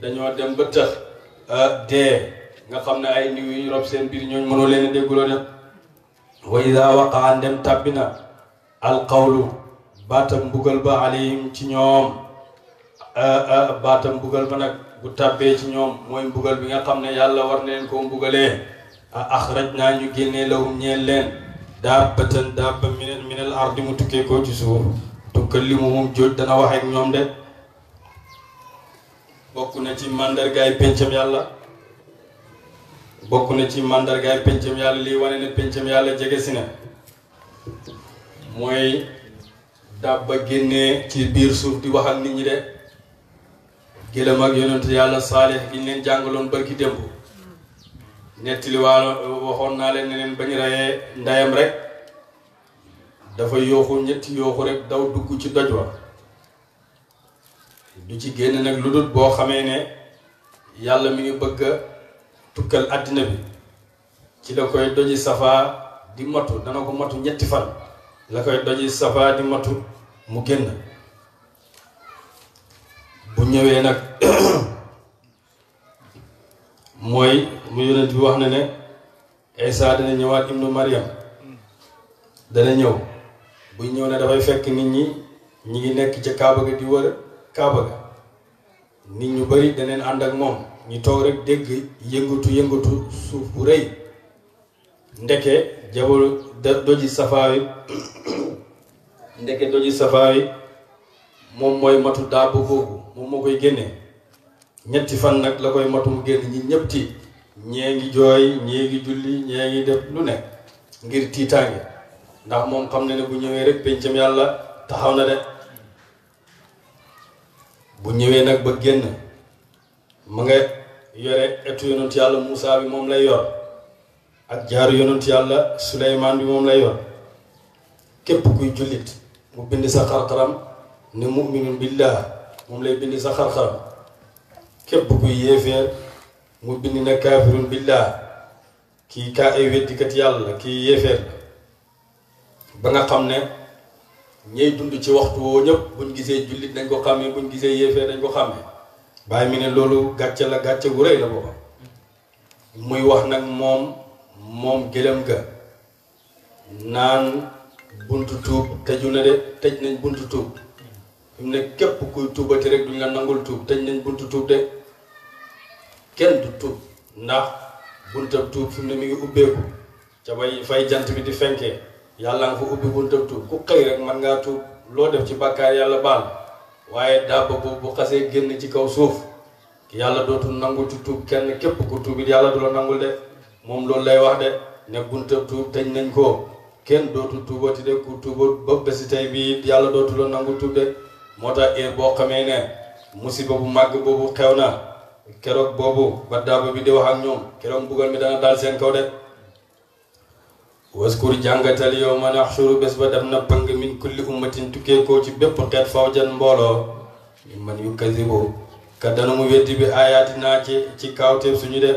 dañoo dem ba tëx dee nga xam ne ay niw yu seen biir ñooñu mënoo leen a dégloo wa ida waqaa ndem tàbbina alqawlu baatam mbugal ba alayhim ci ñoom baatam mbugal ba nag bu tàbbee ci ñoom mooy mbugal bi nga xam ne yàlla war na leen koo mbugalee a axraj naa ñu génnee lahum ñeen leen daabatan daaba min min al ardi mu tukkee koo ci suuf tukallimuhum jooj dana wax ñoom de bokk na ci màndargaay pencam yàlla bokk na ci màndargaay pencam yàlla lii wane ne pencam yàlla jege si na mooy dàbba génnee ci biir suuf di waxal ak nit ñi de gëlëm ak yonent yàlla saalix gi ñu leen jàngaloon barki démb nettali waa waxoon naa leen ne leen ba ñu reyee ndeyam rek dafa yooxu ñetti yooxu rek daw dugg ci doj wa du ci génn nag lu dul boo xamee ne yàlla mu ngi bëgg tukkal àddina bi ci la koy doji safa di matu dana ko matu ñetti fan la koy doji safa di matu mu génn bu ñëwee nag mooy mu yonent wax na ne Isa dana ñëwaat ibnu Mariam dana ñëw buy ñëw ne dafay fekk nit ñi ñu ngi nekk ca Kaaba ga di wër Kaaba ga nit ñu bari daneen ànd ak moom ñu toog rek dégg yëngatu yëngatu suuf bu rëy ndeke jabalu doji safaawi ndeke doji safaawi moom mooy matu daab boobu moom moo koy génnee ñetti fan nag la koy matum génn ñi ñëpp tiit ñee ngi jooy ñee ngi julli ngi def lu ne ngir tiitaange ndax moom xam na ne bu ñëwee rek pencam yàlla taxaw na de bu ñëwee nag ba génn mu nga yore etu yonent yàlla Moussa bi moom lay yor ak jaaru yonent yàlla Suleymaan bi moom lay yor képp kuy jullit mu bind sa xarxaram ne muminun billah moom lay bind sa xarxaram képp kuy yéefeer mu bind na kaafirun billah kii kaa ay weddikat yàlla kii yéefeer ba nga xam ne ñey dund ci waxtu woo ñëpp buñ gisee jullit dañ ko xàmmee buñ gisee yéefeer dañ ko xàmmee bàyyi mi ne loolu gàcce la gàcce gu rëy la booba muy wax nag moom moom gëlëm ga naan buntu tuub tëju na de tëj nañ buntu tuub mu ne képp kuy tuubati rek duñ la nangul tuub tëj nañ buntu tuub de kenn du tuub ndax buntab tuub fi mu ne mi ngi ubbeeku ca bay fay jant bi di fenkee yàlla nga fa ubbi buntab tuub ku xëy rek man ngaa tuub loo def ci bàkkaar yàlla baal waaye dàbb bu bu xasee génn ci kaw suuf yàlla dootul nangu ci tuub kenn képp ku tuubit yàlla du la nangul de moom loolu lay wax de ne bunta tuub tëj nañ ko kenn dootul tuubati de ku tuubat ba bési tey bii yàlla dootul nangu tuub de moo tax eer boo xamee ne musiba bu màgg boobu xew na keroog boobu ba dàbb bi di wax ak ñoom keroog mbugal mi dana daal seen kaw de waskur jàngatal yow ma naxshuru bés ba dem na pang min kulli ummatin tukkeekoo ci bépp xeet fawjan mbooloo min man yu kazibu ka dana mu weddi bi ayaati naa ci ci kaawteef suñu de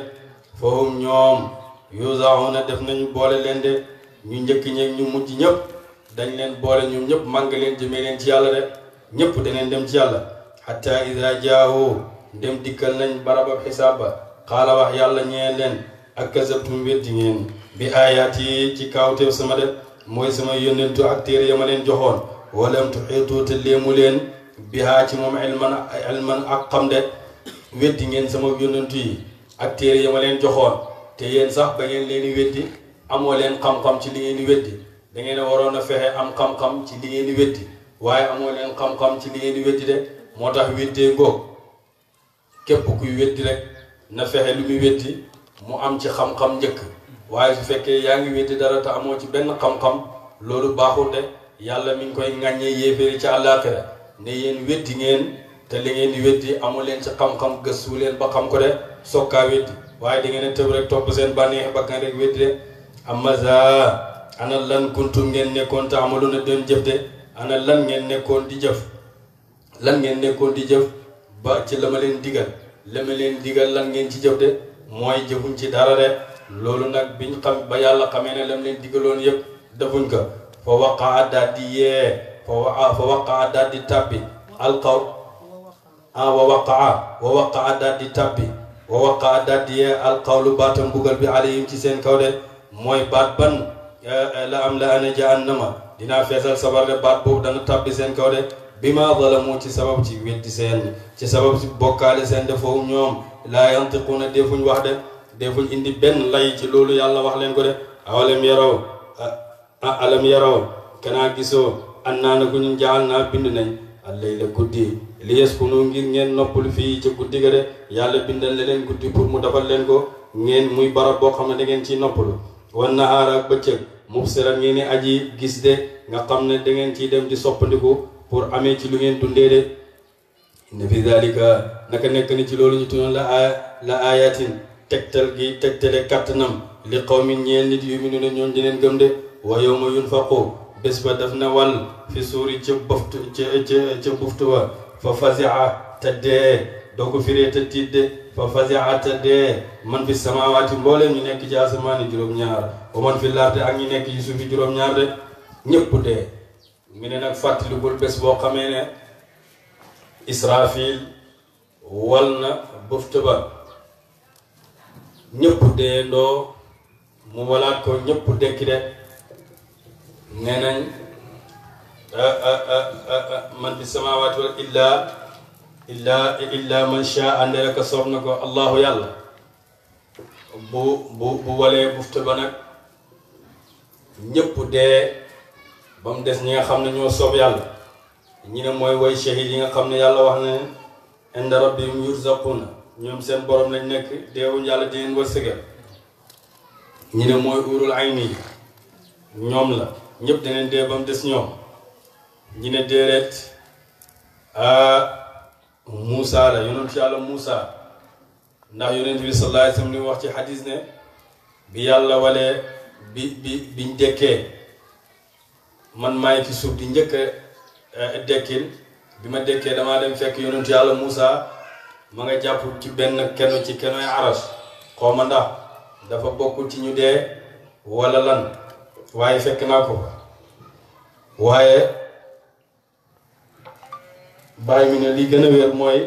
fahum ñoom na def nañu boole leen de ñu njëkk ñeeg ñu mujj ñëpp dañ leen boole ñoom ñëpp màng leen jëmee leen ci yàlla de ñëpp daneen dem ci yàlla hatta ida jaahu dem dikkal nañ baraba xisaab ba xaala wax yàlla ñeen leen ak kasabtum weddi ngeen bi ayaat yi ci kaawteef sama de mooy sama yónnentu ak téere ya ma leen joxoon walam tuxiitu te léemu leen bihaa ci moom ilman ilman ak xam de weddi ngeen sama yónnentu yi ak téere ya ma leen joxoon te yéen sax ba ngeen leen di weddi amoo leen xam-xam ci li ngeen di weddi da ngeen waroon a fexe am xam ci li ngeen di weddi waaye amoo leen xam-xam ci li ngeen di weddi de moo tax weddee googu képp kuy weddi rek na fexe lu muy weddi mu am ci xam-xam njëkk waaye su fekkee yaa ngi wéeti dara te amoo ci benn xam-xam loolu baaxul de yàlla mi koy ŋàññee yéeféeri ci àllaaxira ne yéen weddi ngeen te li ngeen di weddi amu leen ci xam-xam gëstu leen ba xam ko de sokkaa weddi waaye di ngeen a tëb rek topp seen ba bakkan rek weddi de amma zaa ana lan kuntum ngeen nekkoon te amalu na doon jëf de ana lan ngeen nekkoon di jëf lan ngeen nekkoon di jëf ba ci la ma leen digal la leen digal lan ngeen ci jëf de mooy jëfuñ ci dara loolu nag bi ba yàlla xamee ne lam leen digaloon yëpp defuñ ko fa waqaa daal di yee fa wa ah, fa waqaa daal di tàbbi alqaw ah wa waqaa ah, wa waqaa daal di tàbbi wa waqaa daal di yee alqawlu baata mbugal bi alayhim ci seen kaw de mooy baat ban eh, la am la ana jahannama dinaa feesal sabar de baat boobu dana tàbbi seen kaw de bi ma zalamu ci sabab ci weddi seen ci sabab ci bokkaale seen de foofu ñoom laa yantiquuna defuñ wax de deful indi benn lay ci loolu yàlla wax leen ko de awalam yaraw a alam yaraw kanaa gisoo an naa ñu jaal naa bind nañ allay la guddi li yaskunu ngir ngeen noppalu fii ci guddi ga de yàlla bindal na leen guddi pour mu defal leen ko ngeen muy barab boo xam ne da ngeen ciy noppalu wan nahaar ak bëccëg mubsiran ngeen ni aji gis de nga xam ne dangeen ngeen ciy dem di soppandiku pour amee ci lu ngeen dundee de inna fi dalika naka nekk ni ci loolu ñu tunoon l la ayatin tegtal gi tegtale kàttanam li qawmin ñeel nit yu mu ne ñoom dineen gëm de wa yawma yunfaqu bés ba def na wal fi suuri ca boftu ca ca ca buftu wa fa fasia te dee doo ko te tiit de fa fasia te dee man fi samaawaati mbooleem ñu nekk ci asamaani juróom-ñaar wa man fi laarde ak ñu nekk suufi juróom-ñaar de ñëpp dee mu ne nag fàttalikul bés boo xamee ne israfil wal na buftu ba ñëpp dee ndoo mu walaat ko ñëpp dekki de nee nañ ah, ah, ah, man fi samaawaati wal illaa illaa illaa man shaa ndere ko soob na ko allahu yàlla bu bu bu walee bufte ba nag ñëpp dee ba mu des ñi nga xam ne ñoo soob yàlla ñi ne mooy way shahid yi nga xam ne yàlla wax ne inda rabbihim yurzaquna ñoom seen boroom lañ nekk deewuñ yàlla di leen wërsëgal ñu ne mooy uurul ay nii ñoom la ñëpp daneen dee ba mu des ñoom ñu ne déeréet Moussa la yonent yàlla Moussa ndax yonent bi sallallahu alayhi wasallam li wax ci xadis ne bi yàlla walee bi bi biñ dekkee man maay ci suuf di njëkk a dekkil bi ma dekkee damaa dem fekk yonent yàlla Moussa ma nga jàpp ci benn keno ci kenoy aras xaw ndax dafa bokkul ci ñu dee walla lan waaye fekk naa ko waaye bàyyi mi ne li gën a wér mooy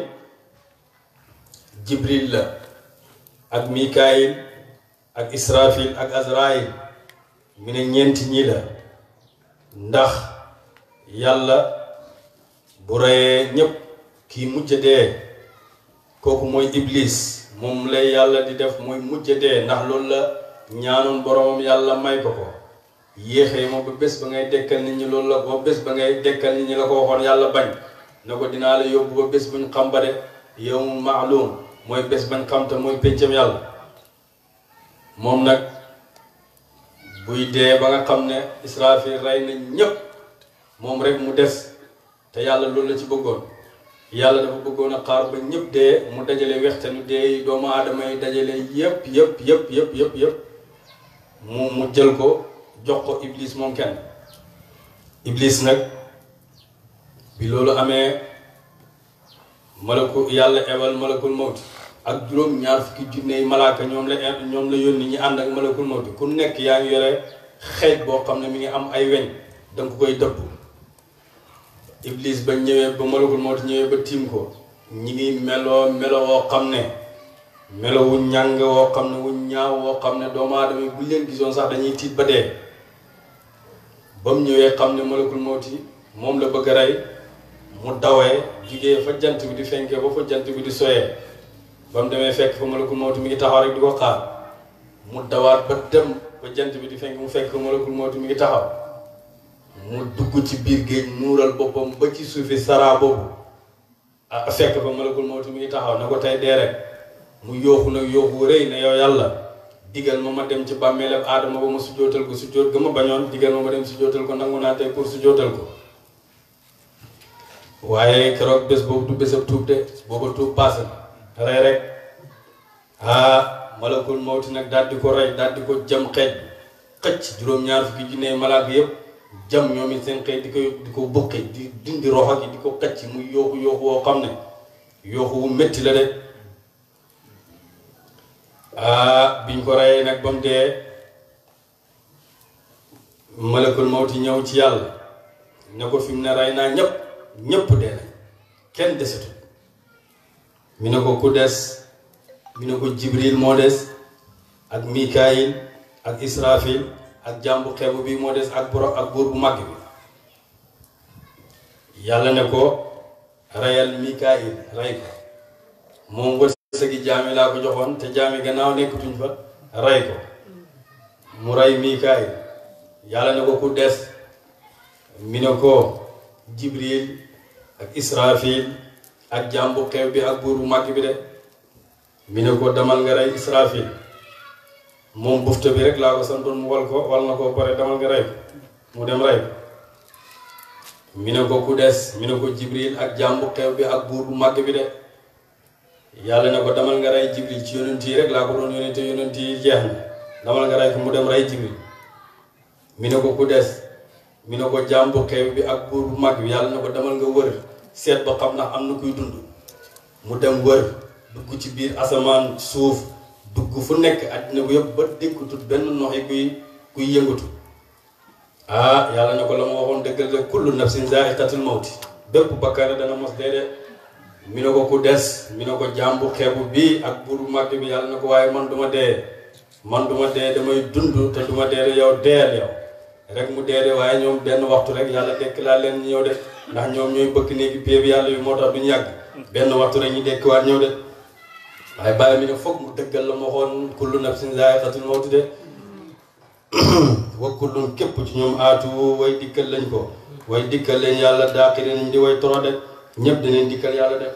jibril la ak mikaayil ak israfil ak azrail mi ne ñeenti ñii la ndax yàlla bu reyee ñépp kii mujj dee kooku mooy iblis moom lay yàlla di def muy mujjatee ndax loolu la ñaanoon boromam yàlla may ko ko yéexee moom ba bés ba ngay dekkal nit ñi loolu la ba bés ba ngay dekkal nit ñi la ko waxoon yàlla bañ na ko dinaa la yóbbu ba bés buñ xam ba de yow maalum mooy bés bañ xam te mooy péncam yàlla moom nag buy dee ba nga xam ne Israafil rey na ñëpp moom rek mu des te yàlla loolu la ci bëggoon yàlla dafa bëggoon a xaar ba ñëpp dee mu dajale wextanu dee yi doomu aadama yi dajale yëpp yëpp yëpp yëpp yëpp yëpp mu mu jël ko jox ko iblis moom kenn iblis nag bi loolu amee malaku yàlla ebal malakul mawt ak juróom ñaar fukki junne yi malaaka ñoom la ñoom la yónni ñi ànd ak malakul mawt ku nekk yaa ngi yore xeej boo xam ne mi ngi am ay weñ danga koy dëpp iblis ba ñëwee ba malakul mawt ñëwee ba tiim ko ñi ngi meloo melo woo xam ne melo wu ñàng woo xam ne wu ñaaw woo xam ne doomu aadama bu leen gisoon sax dañuy tiit ba dee ba mu ñëwee xam ne malakul mawt yi moom la bëgg a rey mu dawee jugee fa jant bi di fenkee ba fa jant bi di soyee ba mu demee fekk fa malakul mawt mi ngi taxaw rek di ko xaar mu dawaat ba dem ba jant bi di fenk mu fekk fa malakul mawt mi ngi taxaw mu dugg ci biir géej muural boppam ba ci suufi saraa boobu ah fekk ba malakul mawti mi ngi taxaw na ko tey dee rek mu yooxu nag yooxu rëy na yow yàlla digal ma ma dem ci bàmmeelab aadama ba ma su jootal ko su ga ma bañoon digal ma ma dem su jootal ko nangu naa tey pour su jootal ko waaye keroog bés boobu du bésab tuub de booba tuub paase na rey rek ah malakul mawti nag daal di ko rey daal di ko jëm xeej xëcc juróom-ñaar fukki junne malaaka yëpp jam ñoom it di ko di ko buqi di dindi roxo gi di ko kacc muy yooxu yooxu woo xam ne yooxu wu métti la de ah biñ ko reyee nag ba mu dee malakul mawti ñëw ci yàlla ko fi mu naa ñëpp ñëpp dee nañ kenn desatu mi ne ko ku des mi ne ko jibril moo des ak mikaayil ak israfil ak jàmbu xeebu bi moo des ak boro ak buur bu màgg bi yàlla ne ko rayal mikaayil ray ko moom wërsëgi jaami laa ko joxoon te jaami gannaaw nekkatuñ fa ray ko mu ray mikaayil yàlla ne ko ku des mi ne ko jibril ak israfil ak jàmbu xeew bi ak buur bu màgg bi de mi ne ko demal nga rey israfil moom bufte bi rek laa ko santoon mu wal ko wal na ko pare damal nga rey mu dem rey mi ne ko ku des mi ne ko jibril ak jàmbu bi ak buur bu màgg bi de yàlla ne ko demal nga rey jibril ci yonent yi rek laa ko doon yonente yonent jeex na demal mu dem rey jibril mi ko ku des mi ne ko jàmbu xew bi ak buur bu màgg bi yàlla ne ko demal nga wër seet ba xam na am na kuy dund mu dem wër dugg ci biir asamaan suuf dugg fu nekk àddina bu yëpp ba dékkutut benn noxi kuy kuy yëngatu ah yàlla na ko la ma waxoon dëggal de kullu nafsin zaiqatul mawti bépp bakkaar dana mos dee de mi ne ko ku des mi ne ko jàmbu xeebu bii ak buur bu màgg bi yàlla na ko waaye man duma dee man duma dee damay dund te duma dee de yow deel yow rek mu dee de waaye ñoom benn waxtu rek yàlla dekk laa leen ñëw de ndax ñoom ñooy bëkk néegi péeb yàlla yu moo tax ñu yàgg benn waxtu rek ñu dekkiwaat ñëw de waaye bàyyi mi ne foog mu dëggal la ma waxoon kullu nafsin zaa'iqatul mawti de wa kullun képp ci ñoom aatu way dikkal lañ ko way dikkal leen yàlla daaqirin di way toro de ñëpp dinañ dikkal yàlla de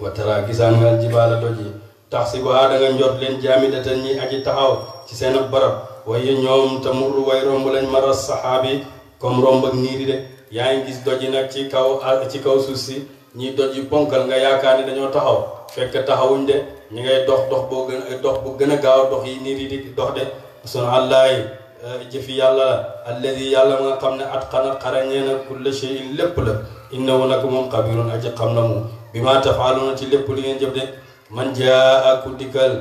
wa tara gisaan nga jibaala doj tax si ba da nga njot leen jaamidatan ñi aji taxaw ci seen ab barab waaye ñoom te murru way romb lañ maras saxaabi comme romb ak niiri de yaa ngi gis doj yi nag ci kaw ci kaw suuf si ñiy doj yu ponkal nga yaakaar ni dañoo taxaw fekk taxawuñ de ñi ngay dox dox boo gën dox gën a gaaw dox yi nii di dox de sun àllaay eh, jëfi yàlla la alladi yàlla nga xam ne at xana lépp la innahu naka moom xabirun aji xam na mu bi ma ci lépp li ngeen jëf de man jaa ku dikkal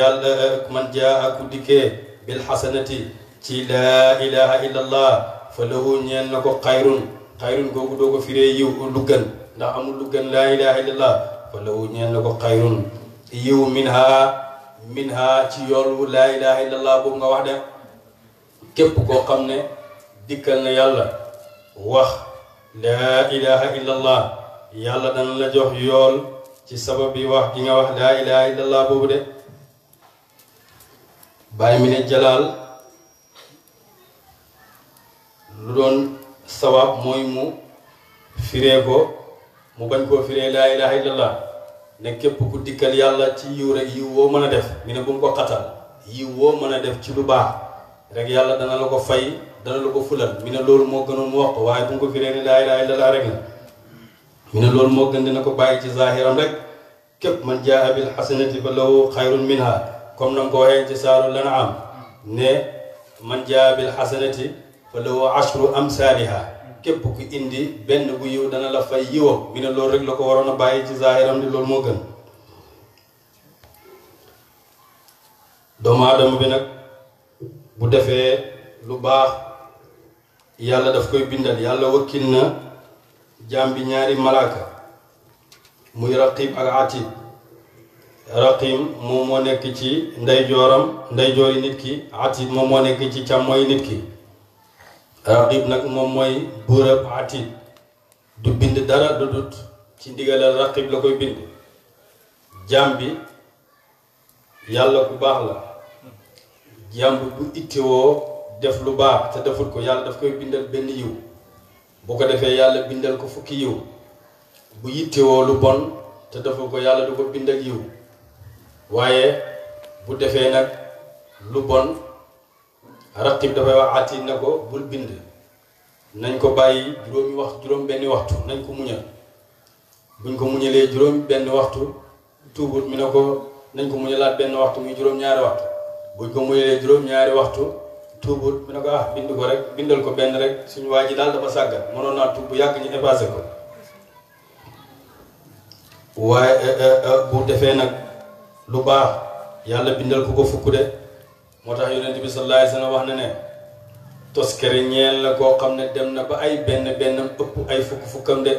yàlla eh, man jaa ku dikkee bil xasanati ci laa ilaha illa allah fa lahu ñeen na ko xayrun xayrun googu doo ko firee yiw lu ndax amul lu gën laa ilaha illallah fa lawu ñeen la ko xayrun yiw minha minha ci yoolu laa ilaha illallah boobu nga wax de képp koo xam ne dikkal na yàlla wax laa ilaha illallah yàlla dana la jox yool ci sabab bi wax gi nga wax laa ilaha illallah boobu de bàyyi mi ne jalaal lu doon sawaab mooy mu firee ko mu bañ koo firee laa ilaha illallah ne képp ku dikkal yàlla ci yiw rek yiw woo mën a def mu ne bu mu ko xatal yiw woo mën a def ci lu baax rek yàlla dana la ko fay dana la ko fulal mi ne loolu moo gënoon mu wax ko waaye ko firee ne laa ilaha illallah rek ne loolu moo gën dina ko bàyyi ci zaahiram rek képp man jaa bil xasanati fa lahu xayrun minha comme na nga ko waxee ci saaru lana am ne man jaa bil xasanati fa lahu ashru amsaaliha képp ku indi benn bu yiw dana la fay yiwam mi loolu rek la ko waroon a bàyyi ci zaahiram loolu moo gën doomu aadama bi nag bu defee lu baax yàlla daf koy bindal yàlla wakkil na jaam bi ñaari malaaka muy raqib ak atid raqim moom moo nekk ci ndeyjooram ndeyjoori nit ki atid moom moo nekk ci càmmooy nit ki di nag moom mooy buurab atid du bind dara du dut ci ndigalal raqib la koy bind jaam bi yàlla ku baax la jaam bi bu ittewoo def lu baax te deful ko yàlla daf koy bindal benn yiw bu ko defee yàlla bindal ko fukki yiw bu yittewoo lu bon te deful ko yàlla du ko bindal yiw waaye bu defee nag lu bon raqib dafay wax atin na ko bul bind nañ ko bàyyi juróomi wax juróom benni waxtu nañ ko muñal buñ ko muñalee juróom benn waxtu tuubut mu ne ko nañ ko muñalaat benn waxtu muy juróom-ñaari waxtu ko muñalee juróom-ñaari waxtu tuubut mi ne ko ah bind ko rek bindal ko benn rek suñu waa ji daal dafa sàggan mënoon naa tuub bu yàgg ñu effacé ko waaye eh, eh, eh, bu defee nag lu baax yàlla bindal ko ko fukk de moo tax yonent bi sallallahu alayhi wasallam wax na ne toskere ñeel la koo xam ne dem na ba ay benn benn ëpp ay fukk fukkam de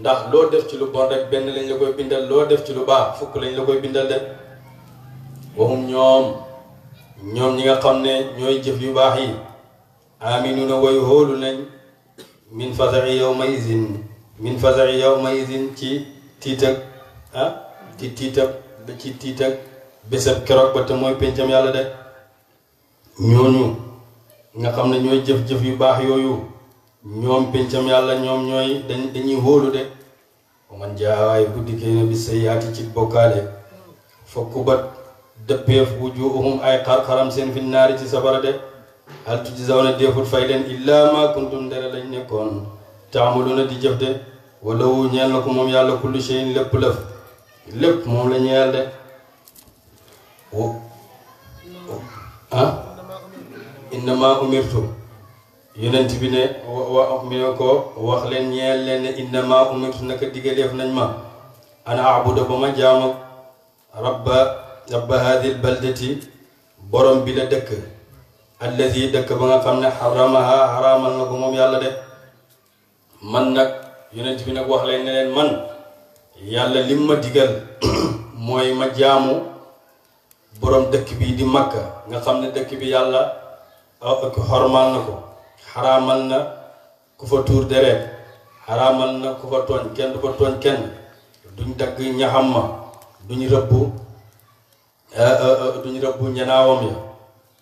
ndax loo def ci lu bon rek benn lañ la koy bindal loo def ci lu baax fukk lañ la koy bindal de waxum ñoom ñoom ñi nga xam ne ñooy jëf yu baax yi aminuna way hóolu nañ min fasari yawma izin min fasari yawma izin ci tiitag ah ci tiitag ci tiitag bésab keroog ba te mooy pencam yàlla de ñooñu nga xam ne ñooy jëf-jëf yu baax yooyu ñoom pencam yàlla ñoom ñooy dañ dañuy hóolu de man jaawaay bu dikkee ne bi sa yaati ci bokkaale fokku bat dëppeef bu juuhum ay xar seen fi naari ci sabara de hal tujzawna déefut fay leen illaa ma kuntum ndere lañ nekkoon taamaluna di jëf de wala wu ñeel na ko moom yàlla kullu shay'in lépp lëf lépp moom la ñeel de ah innama umirtu yonent bi ne wa wax leen ñeel leen ne innama umirtu naka digaleef nañ ma ana abuda ba ma jaamu rabba rabba hadil baldati borom bi la dëkk allazi dëkk ba nga xam ne xaramaha xaraamal na ko moom yàlla de man nag yonent bi nag wax leen ne leen man yàlla lim ma digal mooy ma jaamu borom dëkk bi di makka nga xam ne dëkk bi yàlla xormaal na ko xaraamal na ku fa tuur deret xaraamal na ku fa tooñ kenn du fa tooñ kenn duñ dagg ñaxam ma duñ rëbbu eh, eh, eh, duñ rëbbu ñanaawam ya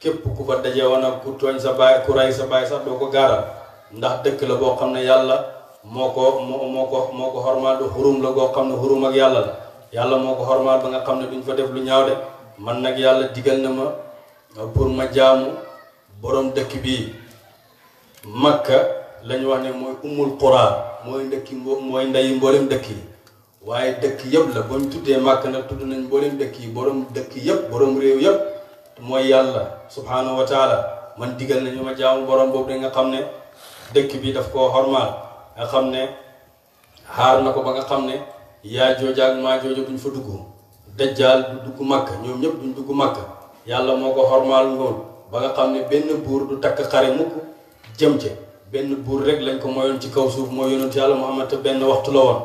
képp ku fa daje woon ak ku tooñ sa baay ku rey sa baay sax doo ko gaaral ndax dëkk la boo xam ne yàlla moo ko moo moo ko moo ko xormaal du xurum la goo xam ne xurum ak yàlla la yàlla moo ko xormaal ba nga xam ne duñ fa def lu ñaaw de man nag yàlla digal na ma pour ma jaamu borom dëkk bi makka lañu wax ne mooy umul quran mooy ndëkki mbo mooy ndeyi mboolem dëkk yi waaye dëkk yëpp la ba ñu tuddee makka nag tudd nañ mboolem dëkk yi borom dëkk yëpp borom réew yëpp mooy yàlla subhanahu wa taala man digal nañu ma jaamu borom boobu da nga xam ne dëkk bi daf koo xormaal nga xam ne xaar na ko ba nga xam ne yaa jooja ak maa jooja buñ fa dugg dajjaal du dugg makka ñoom ñëpp duñ dugg makka yàlla moo ko xormaal ngoon ba nga xam ne benn buur du takk xare mukk jëm ci benn buur rek lañ ko mayoon ci kaw suuf mooy yonent yàlla Muhammad te benn waxtu la woon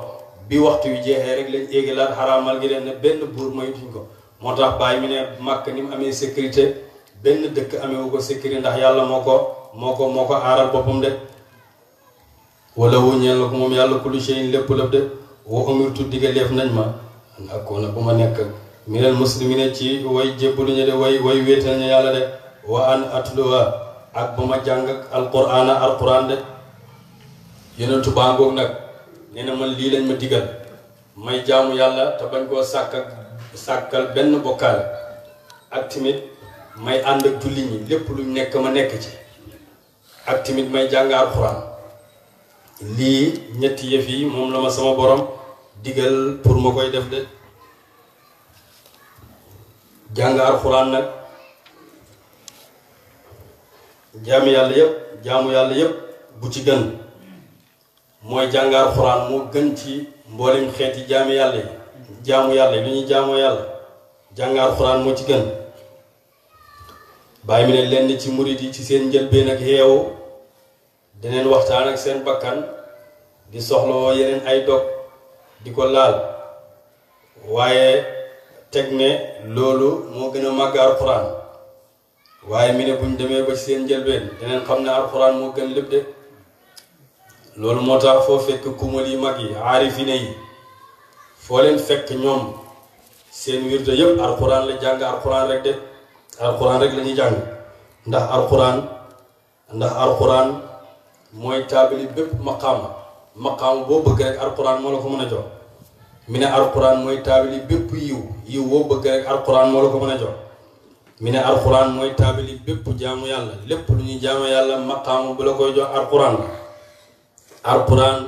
bi waxtu yu jeexee rek lañ éegalaat xaraamal gi leen ne benn buur mayutuñ ko moo tax bàyyi mi ne màkk mu amee sécurité benn dëkk ameewu ko yàlla moo ko moo ko moo ko aaral boppam de wala wu ñeel na ko moom yàlla kulli shay'in lépp la de woo umirtu digaleef nañ ma ak ko na bu ma nekk minal muslimina ci way jébbalu ña de way way wéete nañu yàlla de wa an atluwa ak ba ma jàng ak alquran alquran de yenentu baa ngoog nag nee na man lii lañ ma digal may jaamu yàlla te bañ koo sàkk ak sàkkal benn bokkaale ak tamit may ànd ak julli ñi lépp lu nekk ma nekk ci ak tamit may jàng alquran lii ñetti yëf yi moom la ma sama borom digal pour ma koy def de jàng alquran nag jaamu yàlla yëpp jaamu yàlla yëpp bu ci gën mooy jàngaar xuraan moo gën ci mboolem xeeti jaamu yàlla yi jaamu yàlla yi li ñuy jaamoo yàlla jàngaar xuraan moo ci gën bàyyi mi ne lenn ci murit yi ci seen njëlbeen ak yeewu deneen waxtaan ak seen bakkan di soxlawoo yeneen ay dog di ko laal waaye teg ne loolu moo gën a màgg alxuraan waaye mi ne buñ demee ba seen njëlbeen deneen xam ne alxuraan moo gën lépp de loolu moo tax foo fekk kumal yi mag yi aarifine yi foo leen fekk ñoom seen wirdo yëpp alxuraan la jàng alxuraan rek de alxuraan rek la jàng ndax alxuraan ndax alxuraan mooy taabali bépp maqaama maqaama boo bëgg rek alxuraan moo la ko mën a jox mi ne alxuraan mooy taabali bépp yiw yiw boo bëgg rek alxuraan moo la ko mën a jox mi ne alxuraan mooy taabili bépp jaamu yàlla lépp lu ñu jaamu yàlla maqaamu bu la koy jox alxuraan alxuraan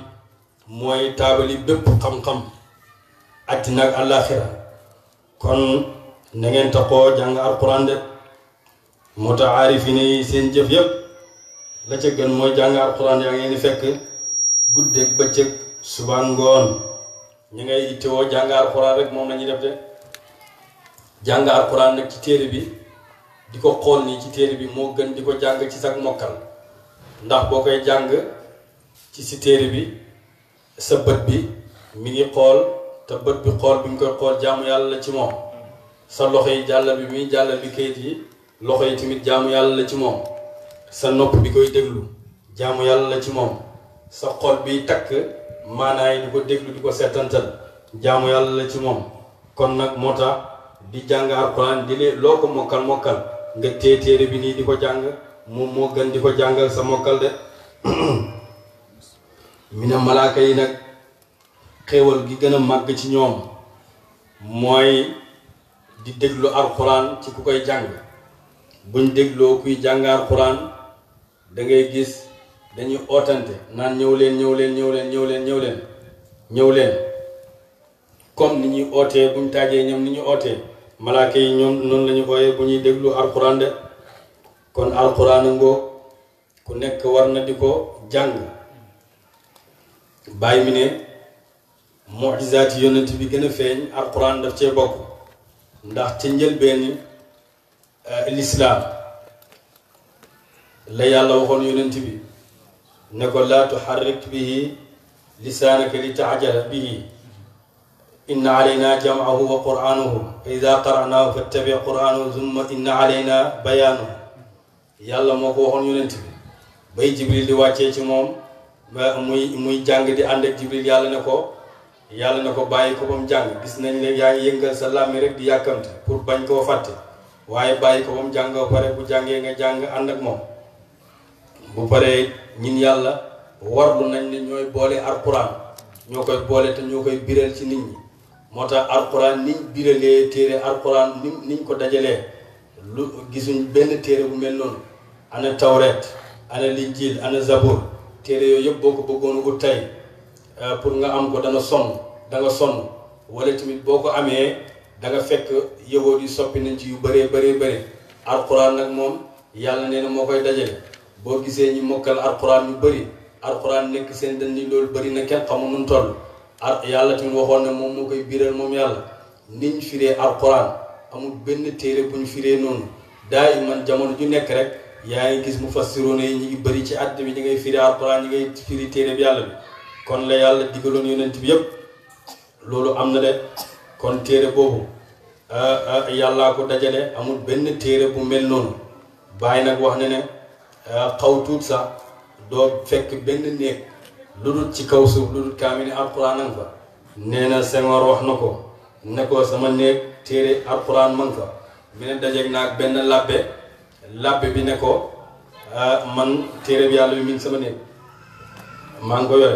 mooy taabili bépp xam-xam àddina ak àllaaxira kon na ngeen taxoo jàng alxuraan de moo tax aarif yi ne seen jëf yëpp la ca mooy jàng alxuraan yaa ngeen di fekk guddeeg bëccëg subaa ngoon ñu ngay ittewoo jàng alxuraan rek moom nañu ñuy def de jàng alxuraan nag ci téere bi di ko xool nii ci téere bi moo gën di ko jàng ci sag mokkal ndax boo koy jàng ci si téere bi sa bët bi mu ngi xool te bët bi xool bi ñu koy xool jaamu yàlla la ci moom sa loxo yi jàll bi bi kayit yi loxo yi tamit jaamu yàlla la ci moom sa nopp bi koy déglu jaamu yàlla la ci moom sa xool bi takk maanaay di ko déglu di ko seetantal jaamu yàlla la ci moom kon nag moo tax di jàng alxuraan di lee loo ko mokkal mokkal nga téye téere bi nii di ko jàng moom moo gën di ko jàngal sa mokkal de mi ne malaaka yi nag xéewal gi gën a màgg ci ñoom mooy di déglu alxuraan ci ku koy jàng buñ dégloo kuy jàngaar alxuraan da ngay gis dañuy ootante naan ñëw leen ñëw leen ñëw leen ñëw leen ñëw leen ñëw leen comme ni ñuy ootee buñ taajee ñoom ni ñuy ootee malaaka yi ñoom noonu la ñu ooyee bu ñuy déglu alquran de kon alquran ngoo ku nekk war na di ko jàng bàyyi mi ne mujizaat yi bi gën a feeñ alquran daf cee bokk ndax ca njëlbeeni eh, lislaam la yàlla waxoon yonent bi ne bi laa tuxarrik bihi lisaanaka li taajala bihi inna alayna jam'ahu wa qur'aanahu fa idaa qara'naahu fattabi qur'aanahu thumma inna alayna bayaanahu yàlla moo ko waxoon yonent bi bay jibril di wàccee ci moom muy muy jàng di ànd ak jibril yàlla ne ko yàlla ne ko bàyyi ko ba mu jàng gis nañ ne yaa ngi yëngal sa làmmi rek di yàkkamte pour bañ koo fàtte waaye bàyyi ko ba mu jàng ba pare bu jàngee nga jàng ànd ak moom bu paree ñun yàlla warlu nañ ne ñooy boole alquran ñoo koy boole te ñoo koy biral ci nit ñi moo tax alquran niñ biralee téere alquran ni niñ ko dajalee lu gisuñ benn téere bu mel noonu ana tawret ana linjil ana zabur téere yooyu yëpp boo ko bëggoon wut tey euh, pour nga am ko dama sonn da sonn wala tamit boo ko amee da fekk yowoot yi soppi nañ ci yu bëree bëree bëri alquran nag moom yàlla nee na moo koy dajale boo gisee ñi mokkal alquran yu bëri alquran nekk seen dënn yi loolu bëri na kenn xamul nu mu ar yàlla tamit waxoon ne moom moo koy biral moom yàlla niñ firee alquran amul benn téere bu ñu firee noonu daay man jamono ju nekk rek yaa ngi gis mu fassiroon yi ñu ngi bëri ci àdd bi ñu ngay firi alquran ñu ngay firi téere bi yàlla bi kon la yàlla digaloon yonent bi yëpp loolu am na de kon téere boobu yàllaa ko dajale amul benn téere bu mel noonu bàyyi nag wax ne ne xaw tuut sax doo fekk benn néeg lu dul ci kaw suuf lu dul kaamil alquran a fa nee na Senghor wax na ko ne sama néeg téere alquran man fa bi ne naa naag benn labbe làbbe bi ne ko ah, man téere bi yàlla bi mi sama néeg maa ngi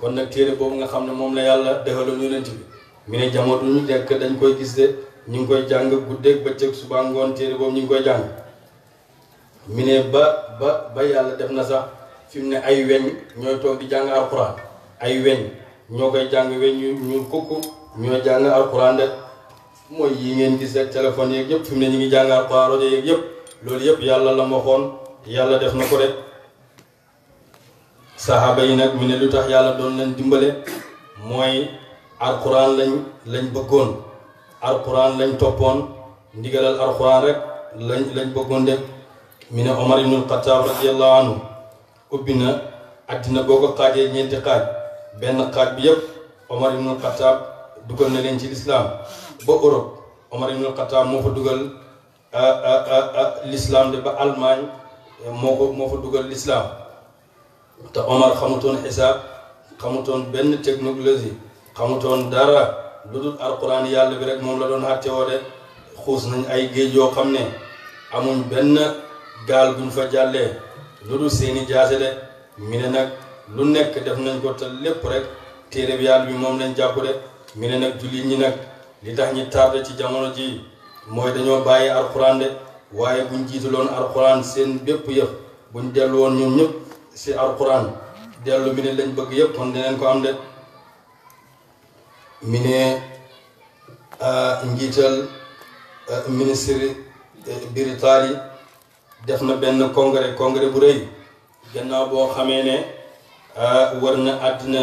kon nag téere boobu nga xam ne moom la yàlla dëxaloon yonent bi mi ne jamono ñu nekk dañ koy gis de ñu ngi koy jàng guddeeg bëccëg suba ngoon téere boobu ñu ngi koy jàng mi ne ba ba ba yàlla def na sax fi mu ne ay weñ ñooy toog di jàng alxuraan ay weñ ñoo koy jàng weñ ñu ñuul kukku ñooy jàng alxuraan de mooy yi ngeen di rek téléphone yeeg yëpp fi ne ñu ngi jàng alxuraan yëpp loolu yëpp yàlla la ma yàlla def na ko rek nag mu yàlla doon leen dimbale mooy alxuraan lañ lañ bëggoon alxuraan lañ toppoon ndigalal alxuraan rek lañ lañ bëggoon de ubbi na addina boo ko xaajee ñeenti xaaj benn xaaj bi yëpp Omar ibnul Xataab dugal na leen ci lislaam ba Europe Omar ibnul Xataab moo fa dugal lislaam de eh, moo fa dugal lislaam te Omar xamutoon xisaab xamutoon benn technologie xamutoon dara lu dul alquran yàlla bi rek moom la doon àtte woo de xuus nañ ay géej yoo xam ne amuñ benn gaal buñ fa jàllee lu dul seeni jaase de mu ne nag lu nekk def nañ ko te lépp rek téere bi yàlla bi moom lañ jàpp de mi ne nag jullit ñi nag li tax ñi tardé ci jamono ji mooy dañoo bàyyi alxuraan de waaye buñ jiitaloon alxuraan seen bépp yëf buñ dellu woon ñëpp si alxuraan dellu mi ne lañ bëgg yëpp kon dinañ ko am de mi ah, njiital ah, ministre eh, Biritaali def na benn congrès congrès bu rëy gannaaw boo xamee ne ah, war na àddina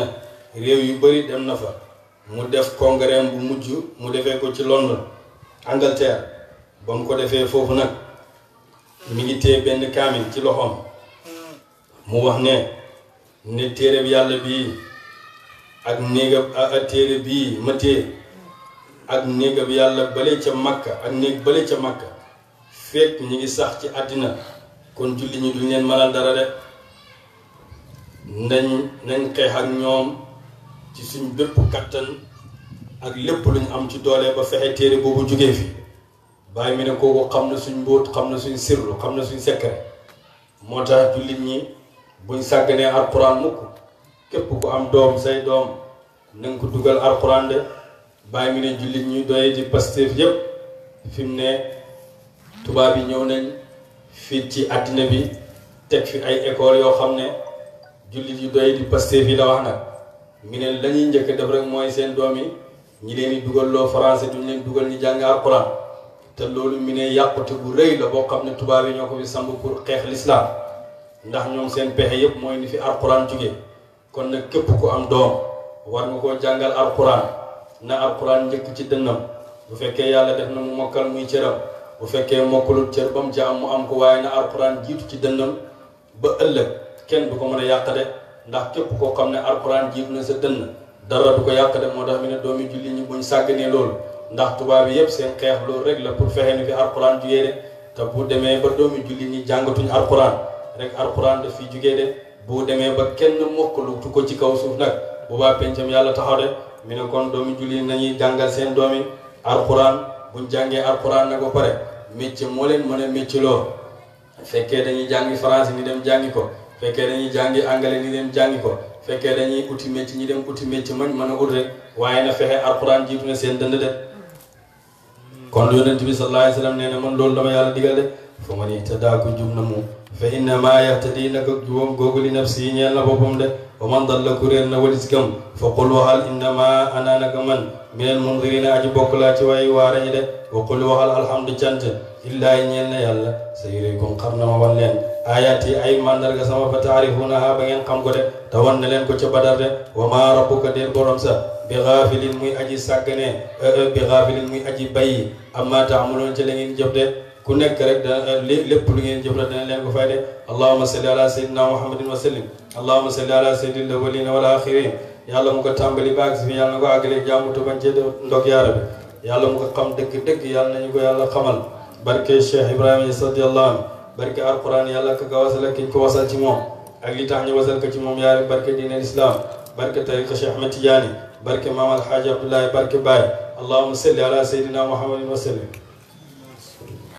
réew yu bari dem na fa mu def congrès bu mujj mu defee ko ci London Angleterre ba mu ko defee foofu nag mu ngi téye benn kaamil ci loxoom mu wax ne ne téere yàlla bi ak néega téere bii ma téye ak néegab yàlla bale ca makka ak néeg bale ca makka fekk ñi ngi sax ci àddina kon julli ñi duñ leen mënal dara de nañ nañ xeex ak ñoom ci suñ bépp kattan ak lépp luñ am ci doole ba fexe téere boobu jógee fi bàyyi mi ne kooku xam na suñ mbóot xam na suñ sirlu xam na suñ secret moo tax jullit ñi buñ sàgganee alquran mukk képp ku am doom say doom na ko dugal alquran de bàyyi mi ne jullit ñi doye di Pastef yépp fi mu ne tubaab yi ñëw nañ fii ci àddina bi teg fi ay école yoo xam ne jullit yu doy di Pastef yi la wax nag mi ne la ñuy njëkk def rek mooy seen doom yi ñi leen di dugal loo français duñ leen dugal ñu jàng alquran te loolu mi ne yàqute bu rëy la boo xam ne tubaab yi ñoo ko fi samb pour xeex lislaam ndax ñoom seen pexe yëpp mooy ni fi alquran jóge kon nag képp ko am doom war nga koo jàngal alquran na alquran njëkk ci dënnam bu fekkee yàlla def na mu mokkal muy cëram bu fekkee mokkalul cër ba mu ca mu am ko waaye na alquran jiitu ci dënnam ba ëllëg kenn du ko mën a yàqade ndax képp koo xam ne alquran jiitu na sa dënn dara du ko yàq de moo tax mi ne doomi julli ñi buñ sàgganee loolu ndax tubaab yëpp seen xeex loolu rek la pour fexe fi alquran jugee de te ba doomi julli ñi jàngatuñ alquran rek alquran daf fi jugee de bu demee ba kenn mokkalutu ko ci kaw suuf nag boobaa pencam yàlla taxaw de mi ne kon doomi julli nañuy jàngal seen doomi alquran buñ jàngee alquran nag ba pare métier moo leen mën a métier loo fekkee dañuy jàngi français ni dem jàngi ko fekkee dañuy jàngi anglais ni dem jàngi ko fekkee dañuy uti métier ñi dem uti métier mañ man a ut rek waaye na fexe alxuraan jiitu na seen dënd de kon yonent bi sallallahu alayhi wa sallam nee na man loolu dama yàlla digal de fa man ihtadaa ku jub na mu fa innama yahtadi naka juwam googu nafsi ñeel na boppam de wa man dalla ku réer na walis gam fa qul waxal innama ana naka man minal mundirina aji bokk laa ci way waare de wa qul waxal alhamdu cant illaahi ñeel na yàlla sa yurikum xam na ma wan leen ayaat yi ay mandarga sama fa taarifunaha ba ngeen xam ko de te wan na leen ko ca badar de wa ma rabbuka déer borom sa bi gaafilin muy aji sàggane bi gaafilin muy aji bayyi amma taamaloon ku nekk rek da eh, lépp lu ngeen jëf rek dana leen ko fay de allahuma salli ala sayyidina muhammadin wa sallim allahuma salli ala sayyidil awwalina wal axirin yàlla mu ko tàmbali baag si fi yàlla na ko àggale jàmm tuban ci ndog yaara bi yàlla mu ko xam dëgg-dëgg yàlla ko yàlla xamal barke cheikh ibrahima is radiallahu anhu barke alquran yàlla ka ko wasal ak ko wasal ci moom ak li tax ñu wasal ko ci moom yaara barke diine islam barke tariqa cheikh ahmed tidiane barke maam alhaaji abdoulaye barke baay allahuma salli ala